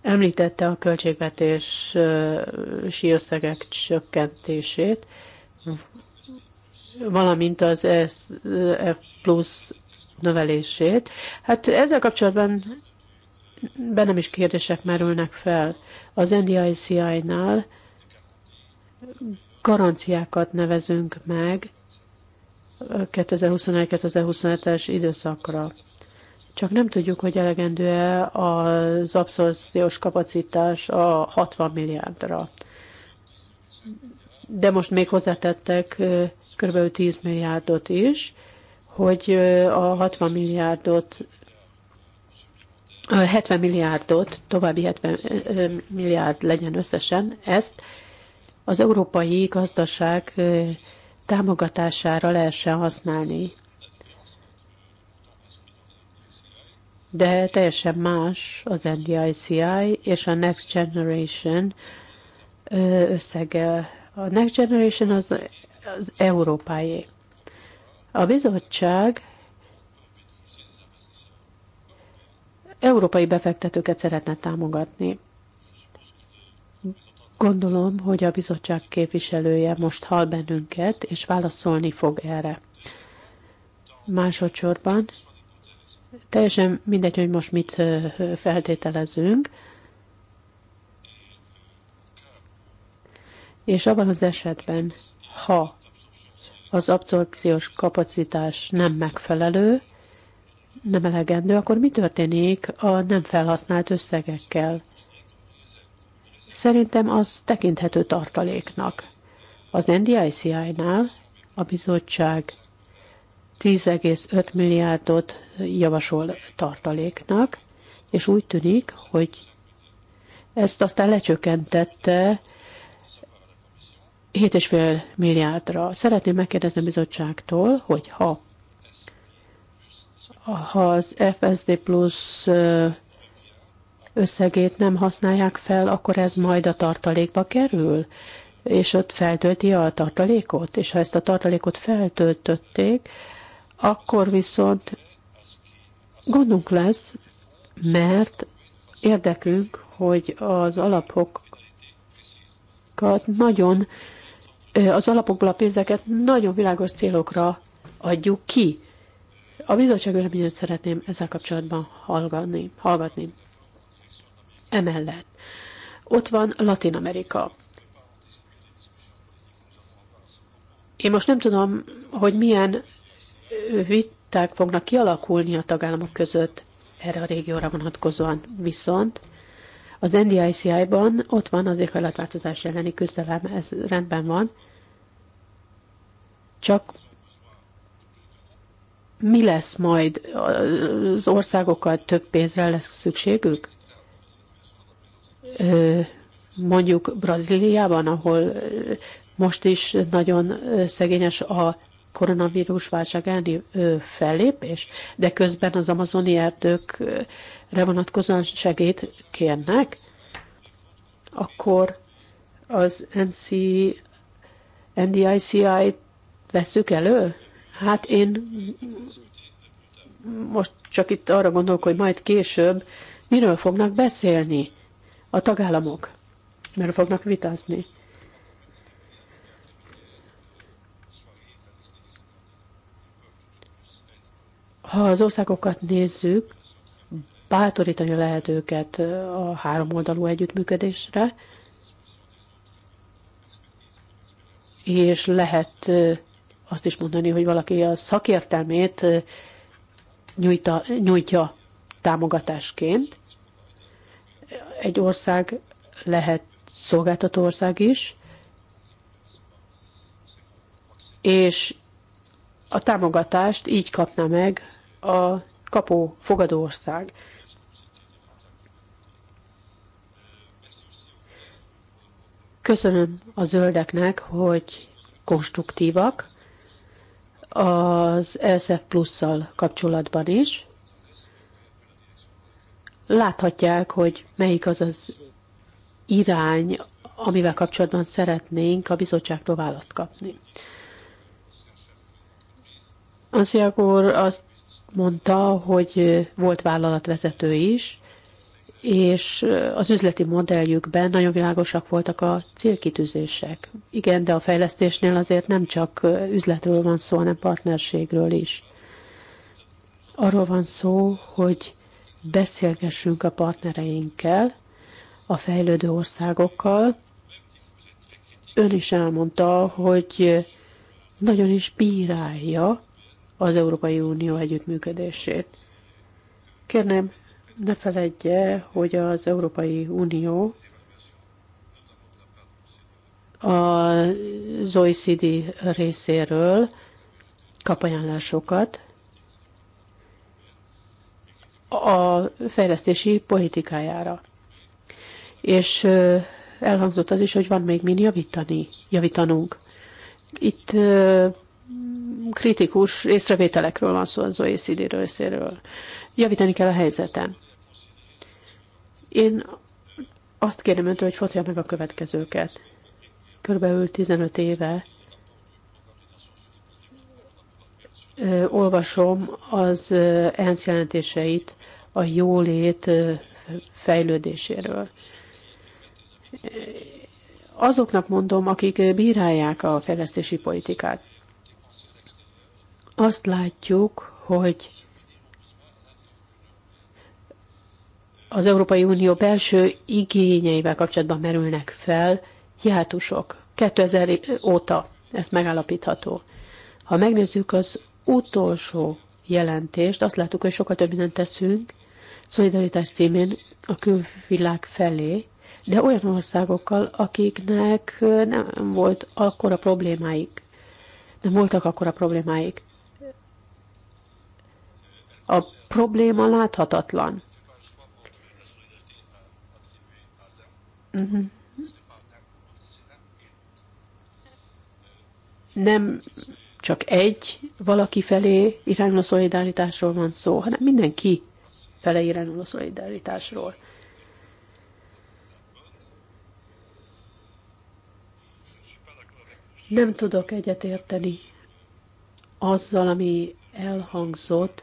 említette a költségvetési összegek csökkentését, valamint az F plusz növelését. Hát ezzel kapcsolatban bennem is kérdések merülnek fel. Az NDICI-nál garanciákat nevezünk meg 2021-2027-es időszakra. Csak nem tudjuk, hogy elegendő-e az abszorciós kapacitás a 60 milliárdra. De most még hozzátettek kb. 10 milliárdot is, hogy a 60 milliárdot 70 milliárdot, további 70 milliárd legyen összesen, ezt az európai gazdaság támogatására lehessen használni. De teljesen más az NDICI és a Next Generation összege. A Next Generation az, az európai. A bizottság európai befektetőket szeretne támogatni. Gondolom, hogy a bizottság képviselője most hall bennünket, és válaszolni fog erre. Másodszorban teljesen mindegy, hogy most mit feltételezünk, és abban az esetben, ha az abszorpciós kapacitás nem megfelelő, nem elegendő, akkor mi történik a nem felhasznált összegekkel? Szerintem az tekinthető tartaléknak. Az NDICI-nál a bizottság 10,5 milliárdot javasol tartaléknak, és úgy tűnik, hogy ezt aztán lecsökkentette 7,5 milliárdra. Szeretném megkérdezni a bizottságtól, hogy ha ha az FSD plusz összegét nem használják fel, akkor ez majd a tartalékba kerül, és ott feltölti a tartalékot, és ha ezt a tartalékot feltöltötték, akkor viszont gondunk lesz, mert érdekünk, hogy az alapokat nagyon, az alapokból a pénzeket nagyon világos célokra adjuk ki. A bizottság véleményét szeretném ezzel kapcsolatban hallgatni. hallgatni. Emellett ott van Latin Amerika. Én most nem tudom, hogy milyen viták fognak kialakulni a tagállamok között erre a régióra vonatkozóan. Viszont az NDICI-ban ott van az éghajlatváltozás elleni küzdelem, ez rendben van, csak mi lesz majd, az országokkal több pénzre lesz szükségük? Mondjuk Brazíliában, ahol most is nagyon szegényes a koronavírus válság elleni fellépés, de közben az amazoni erdőkre vonatkozóan segít kérnek, akkor az NC, NDICI-t veszük elő? Hát én most csak itt arra gondolok, hogy majd később miről fognak beszélni a tagállamok, miről fognak vitázni. Ha az országokat nézzük, bátorítani lehet őket a háromoldalú együttműködésre, és lehet azt is mondani, hogy valaki a szakértelmét nyújta, nyújtja támogatásként. Egy ország lehet szolgáltató ország is, és a támogatást így kapna meg a kapó fogadó ország. Köszönöm a zöldeknek, hogy konstruktívak, az ESF plusszal kapcsolatban is. Láthatják, hogy melyik az az irány, amivel kapcsolatban szeretnénk a bizottságtól választ kapni. Az úr azt mondta, hogy volt vállalatvezető is, és az üzleti modelljükben nagyon világosak voltak a célkitűzések. Igen, de a fejlesztésnél azért nem csak üzletről van szó, hanem partnerségről is. Arról van szó, hogy beszélgessünk a partnereinkkel, a fejlődő országokkal. Ön is elmondta, hogy nagyon is bírálja az Európai Unió együttműködését. Kérném, ne feledje, hogy az Európai Unió az OECD részéről kap ajánlásokat a fejlesztési politikájára. És elhangzott az is, hogy van még min javítani, javítanunk. Itt kritikus észrevételekről van szó az OECD részéről. Javítani kell a helyzeten. Én azt kérem öntől, hogy fotja meg a következőket. Körülbelül 15 éve olvasom az ENSZ jelentéseit a jólét fejlődéséről. Azoknak mondom, akik bírálják a fejlesztési politikát. Azt látjuk, hogy az Európai Unió belső igényeivel kapcsolatban merülnek fel hiátusok. 2000 óta ez megállapítható. Ha megnézzük az utolsó jelentést, azt látjuk, hogy sokkal több mindent teszünk szolidaritás címén a külvilág felé, de olyan országokkal, akiknek nem volt akkora problémáik. Nem voltak akkora problémáik. A probléma láthatatlan. Mhm. nem csak egy valaki felé irányuló szolidaritásról van szó, hanem mindenki fele irányuló szolidaritásról. Nem tudok egyetérteni azzal, ami elhangzott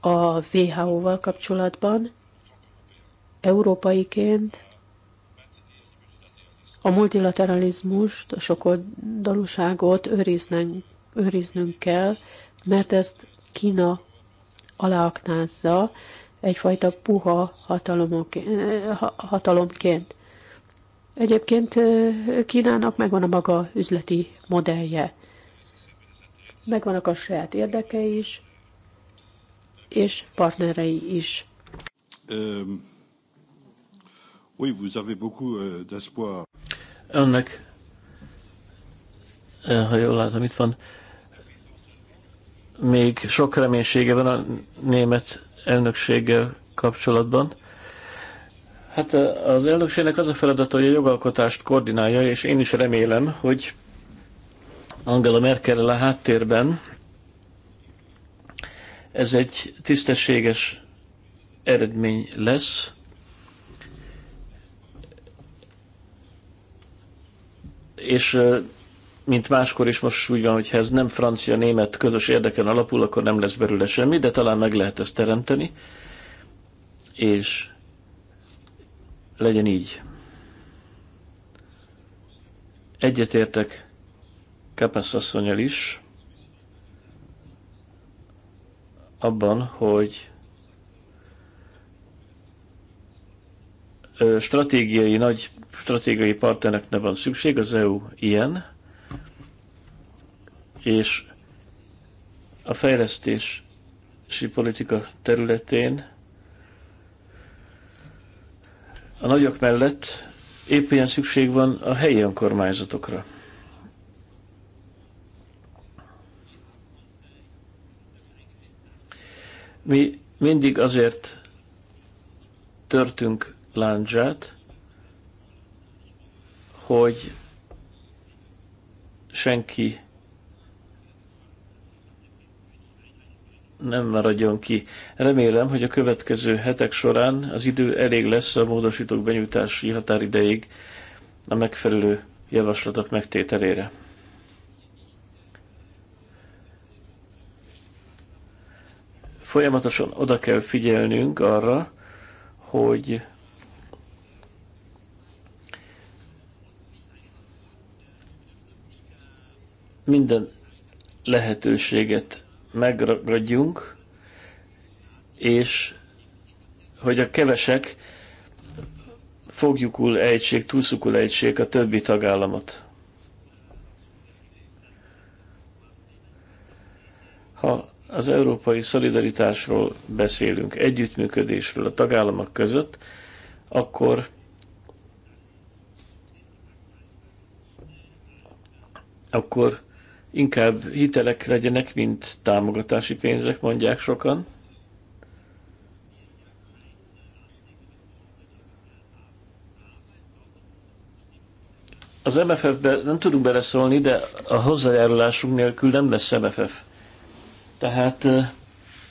a WHO-val kapcsolatban, európaiként a multilateralizmust, a sokoldalúságot őriznünk, őriznünk kell, mert ezt Kína aláaknázza egyfajta puha hatalomként. Egyébként Kínának megvan a maga üzleti modellje. Megvannak a saját érdekei is, és partnerei is. Um, oui, vous avez beaucoup euh, d'espoir. Önnek, eh, ha jól látom, itt van, még sok reménysége van a német elnökséggel kapcsolatban. Hát eh, az elnökségnek az a feladata, hogy a jogalkotást koordinálja, és én is remélem, hogy Angela merkel a háttérben ez egy tisztességes eredmény lesz. és mint máskor is most úgy van, hogyha ez nem francia-német közös érdeken alapul, akkor nem lesz belőle semmi, de talán meg lehet ezt teremteni, és legyen így. Egyetértek Kapasz asszonyal is abban, hogy stratégiai, nagy stratégiai partnereknek van szükség, az EU ilyen, és a fejlesztési politika területén a nagyok mellett épp ilyen szükség van a helyi önkormányzatokra. Mi mindig azért törtünk Lange-et, hogy senki nem maradjon ki. Remélem, hogy a következő hetek során az idő elég lesz a módosítók benyújtási határideig a megfelelő javaslatok megtételére. Folyamatosan oda kell figyelnünk arra, hogy minden lehetőséget megragadjunk, és hogy a kevesek fogjukul ejtsék, túlszukul ejtsék a többi tagállamot. Ha az európai szolidaritásról beszélünk, együttműködésről a tagállamok között, akkor akkor inkább hitelek legyenek, mint támogatási pénzek, mondják sokan. Az MFF-be nem tudunk beleszólni, de a hozzájárulásunk nélkül nem lesz MFF. Tehát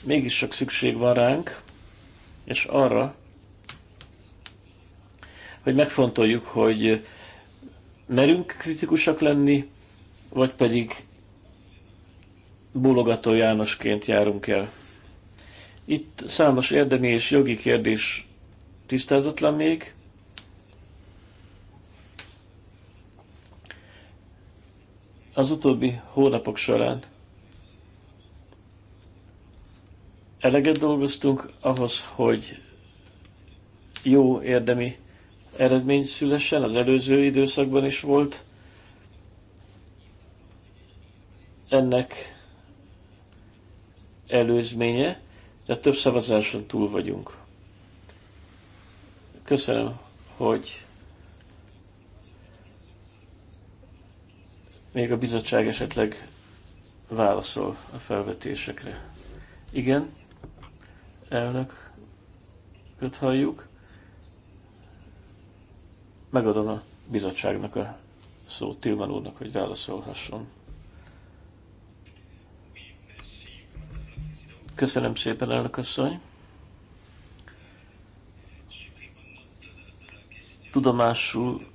mégis sok szükség van ránk, és arra, hogy megfontoljuk, hogy merünk kritikusak lenni, vagy pedig bólogató Jánosként járunk el. Itt számos érdemi és jogi kérdés tisztázatlan még. Az utóbbi hónapok során eleget dolgoztunk ahhoz, hogy jó érdemi eredmény szülessen, az előző időszakban is volt. Ennek előzménye, de több szavazáson túl vagyunk. Köszönöm, hogy még a bizottság esetleg válaszol a felvetésekre. Igen, elnök, halljuk. Megadom a bizottságnak a szót Tilman úrnak, hogy válaszolhasson. Köszönöm szépen, elnök asszony. Tudomásul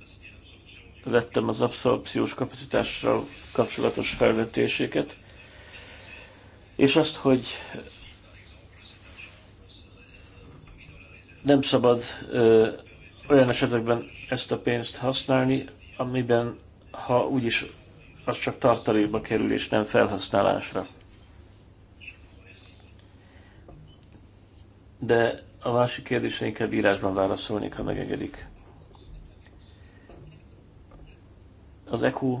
vettem az abszorpciós kapacitással kapcsolatos felvetéséket, és azt, hogy nem szabad ö, olyan esetekben ezt a pénzt használni, amiben, ha úgyis az csak tartalékba kerül, és nem felhasználásra. de a másik kérdésre inkább írásban válaszolnék, ha megengedik. Az ECO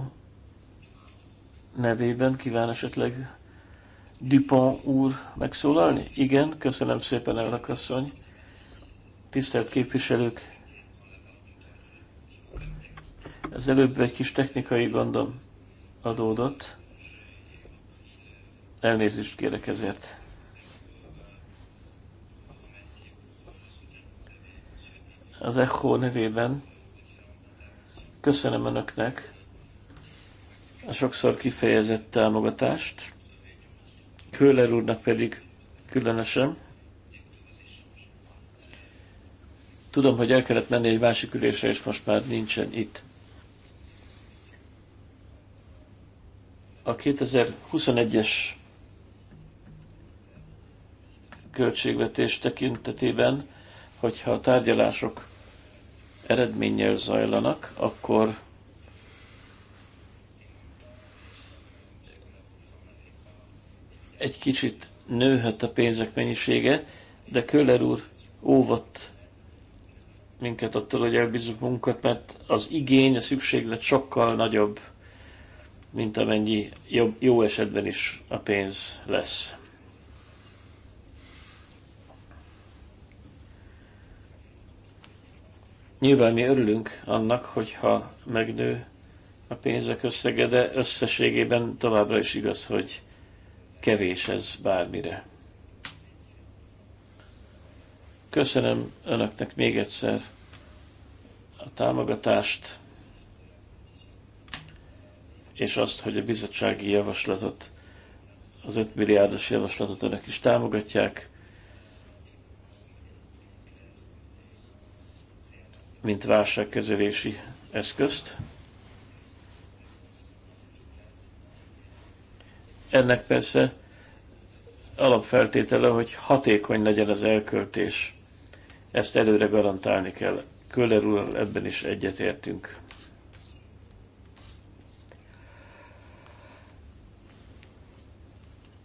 nevében kíván esetleg Dupont úr megszólalni? Igen, köszönöm szépen, elnök asszony. Tisztelt képviselők! Az előbb egy kis technikai gondom adódott. Elnézést kérek ezért. az ECHO nevében köszönöm Önöknek a sokszor kifejezett támogatást, Köhler úrnak pedig különösen. Tudom, hogy el kellett menni egy másik ülésre, és most már nincsen itt. A 2021-es költségvetés tekintetében, hogyha a tárgyalások eredménnyel zajlanak, akkor egy kicsit nőhet a pénzek mennyisége, de Köller úr óvott minket attól, hogy elbízunk munkat, mert az igény, a szükséglet sokkal nagyobb, mint amennyi jobb, jó esetben is a pénz lesz. Nyilván mi örülünk annak, hogyha megnő a pénzek összege, de összességében továbbra is igaz, hogy kevés ez bármire. Köszönöm Önöknek még egyszer a támogatást, és azt, hogy a bizottsági javaslatot, az 5 milliárdos javaslatot Önök is támogatják. mint válságkezelési eszközt. Ennek persze alapfeltétele, hogy hatékony legyen az elköltés. Ezt előre garantálni kell. Köller úrral ebben is egyetértünk.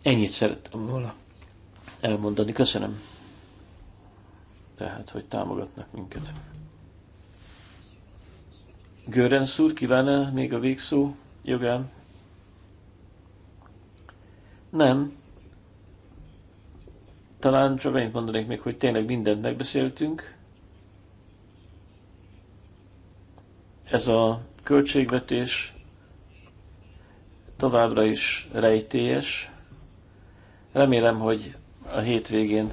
Ennyit szerettem volna elmondani. Köszönöm. Tehát, hogy támogatnak minket. Görens úr, kíván -e még a végszó jogán? Nem. Talán csak annyit mondanék még, hogy tényleg mindent megbeszéltünk. Ez a költségvetés továbbra is rejtélyes. Remélem, hogy a hétvégén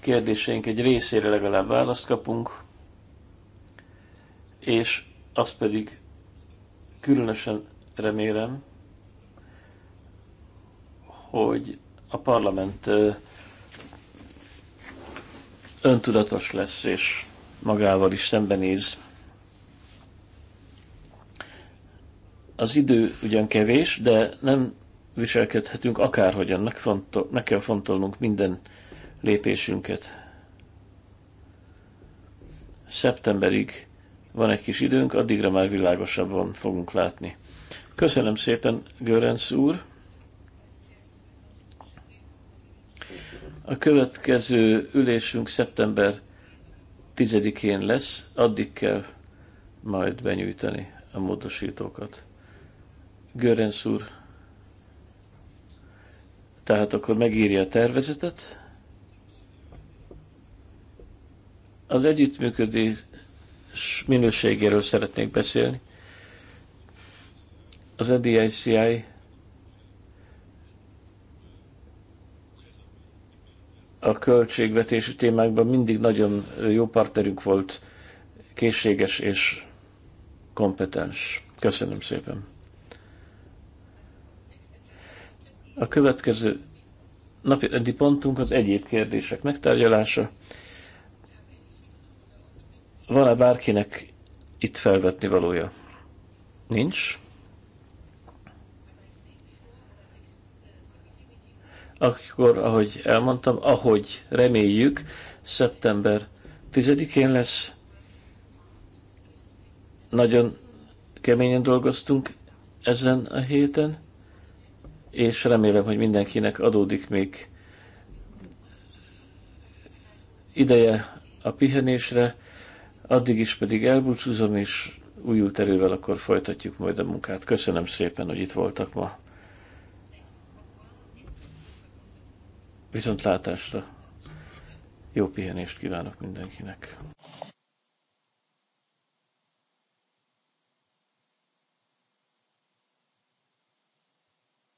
kérdéseink egy részére legalább választ kapunk, és azt pedig különösen remélem, hogy a parlament öntudatos lesz és magával is szembenéz. Az idő ugyan kevés, de nem viselkedhetünk akárhogyan, meg, fontol, meg kell fontolnunk minden lépésünket. Szeptemberig van egy kis időnk, addigra már világosabban fogunk látni. Köszönöm szépen, Görenc úr! A következő ülésünk szeptember 10-én lesz, addig kell majd benyújtani a módosítókat. Görenc úr, tehát akkor megírja a tervezetet. Az együttműködés minőségéről szeretnék beszélni. Az EDICI a költségvetési témákban mindig nagyon jó partnerünk volt, készséges és kompetens. Köszönöm szépen. A következő napi pontunk az egyéb kérdések megtárgyalása. Van-e bárkinek itt felvetni valója? Nincs. Akkor, ahogy elmondtam, ahogy reméljük, szeptember 10-én lesz. Nagyon keményen dolgoztunk ezen a héten, és remélem, hogy mindenkinek adódik még ideje a pihenésre, Addig is pedig elbúcsúzom, és újult erővel akkor folytatjuk majd a munkát. Köszönöm szépen, hogy itt voltak ma. Viszontlátásra! Jó pihenést kívánok mindenkinek!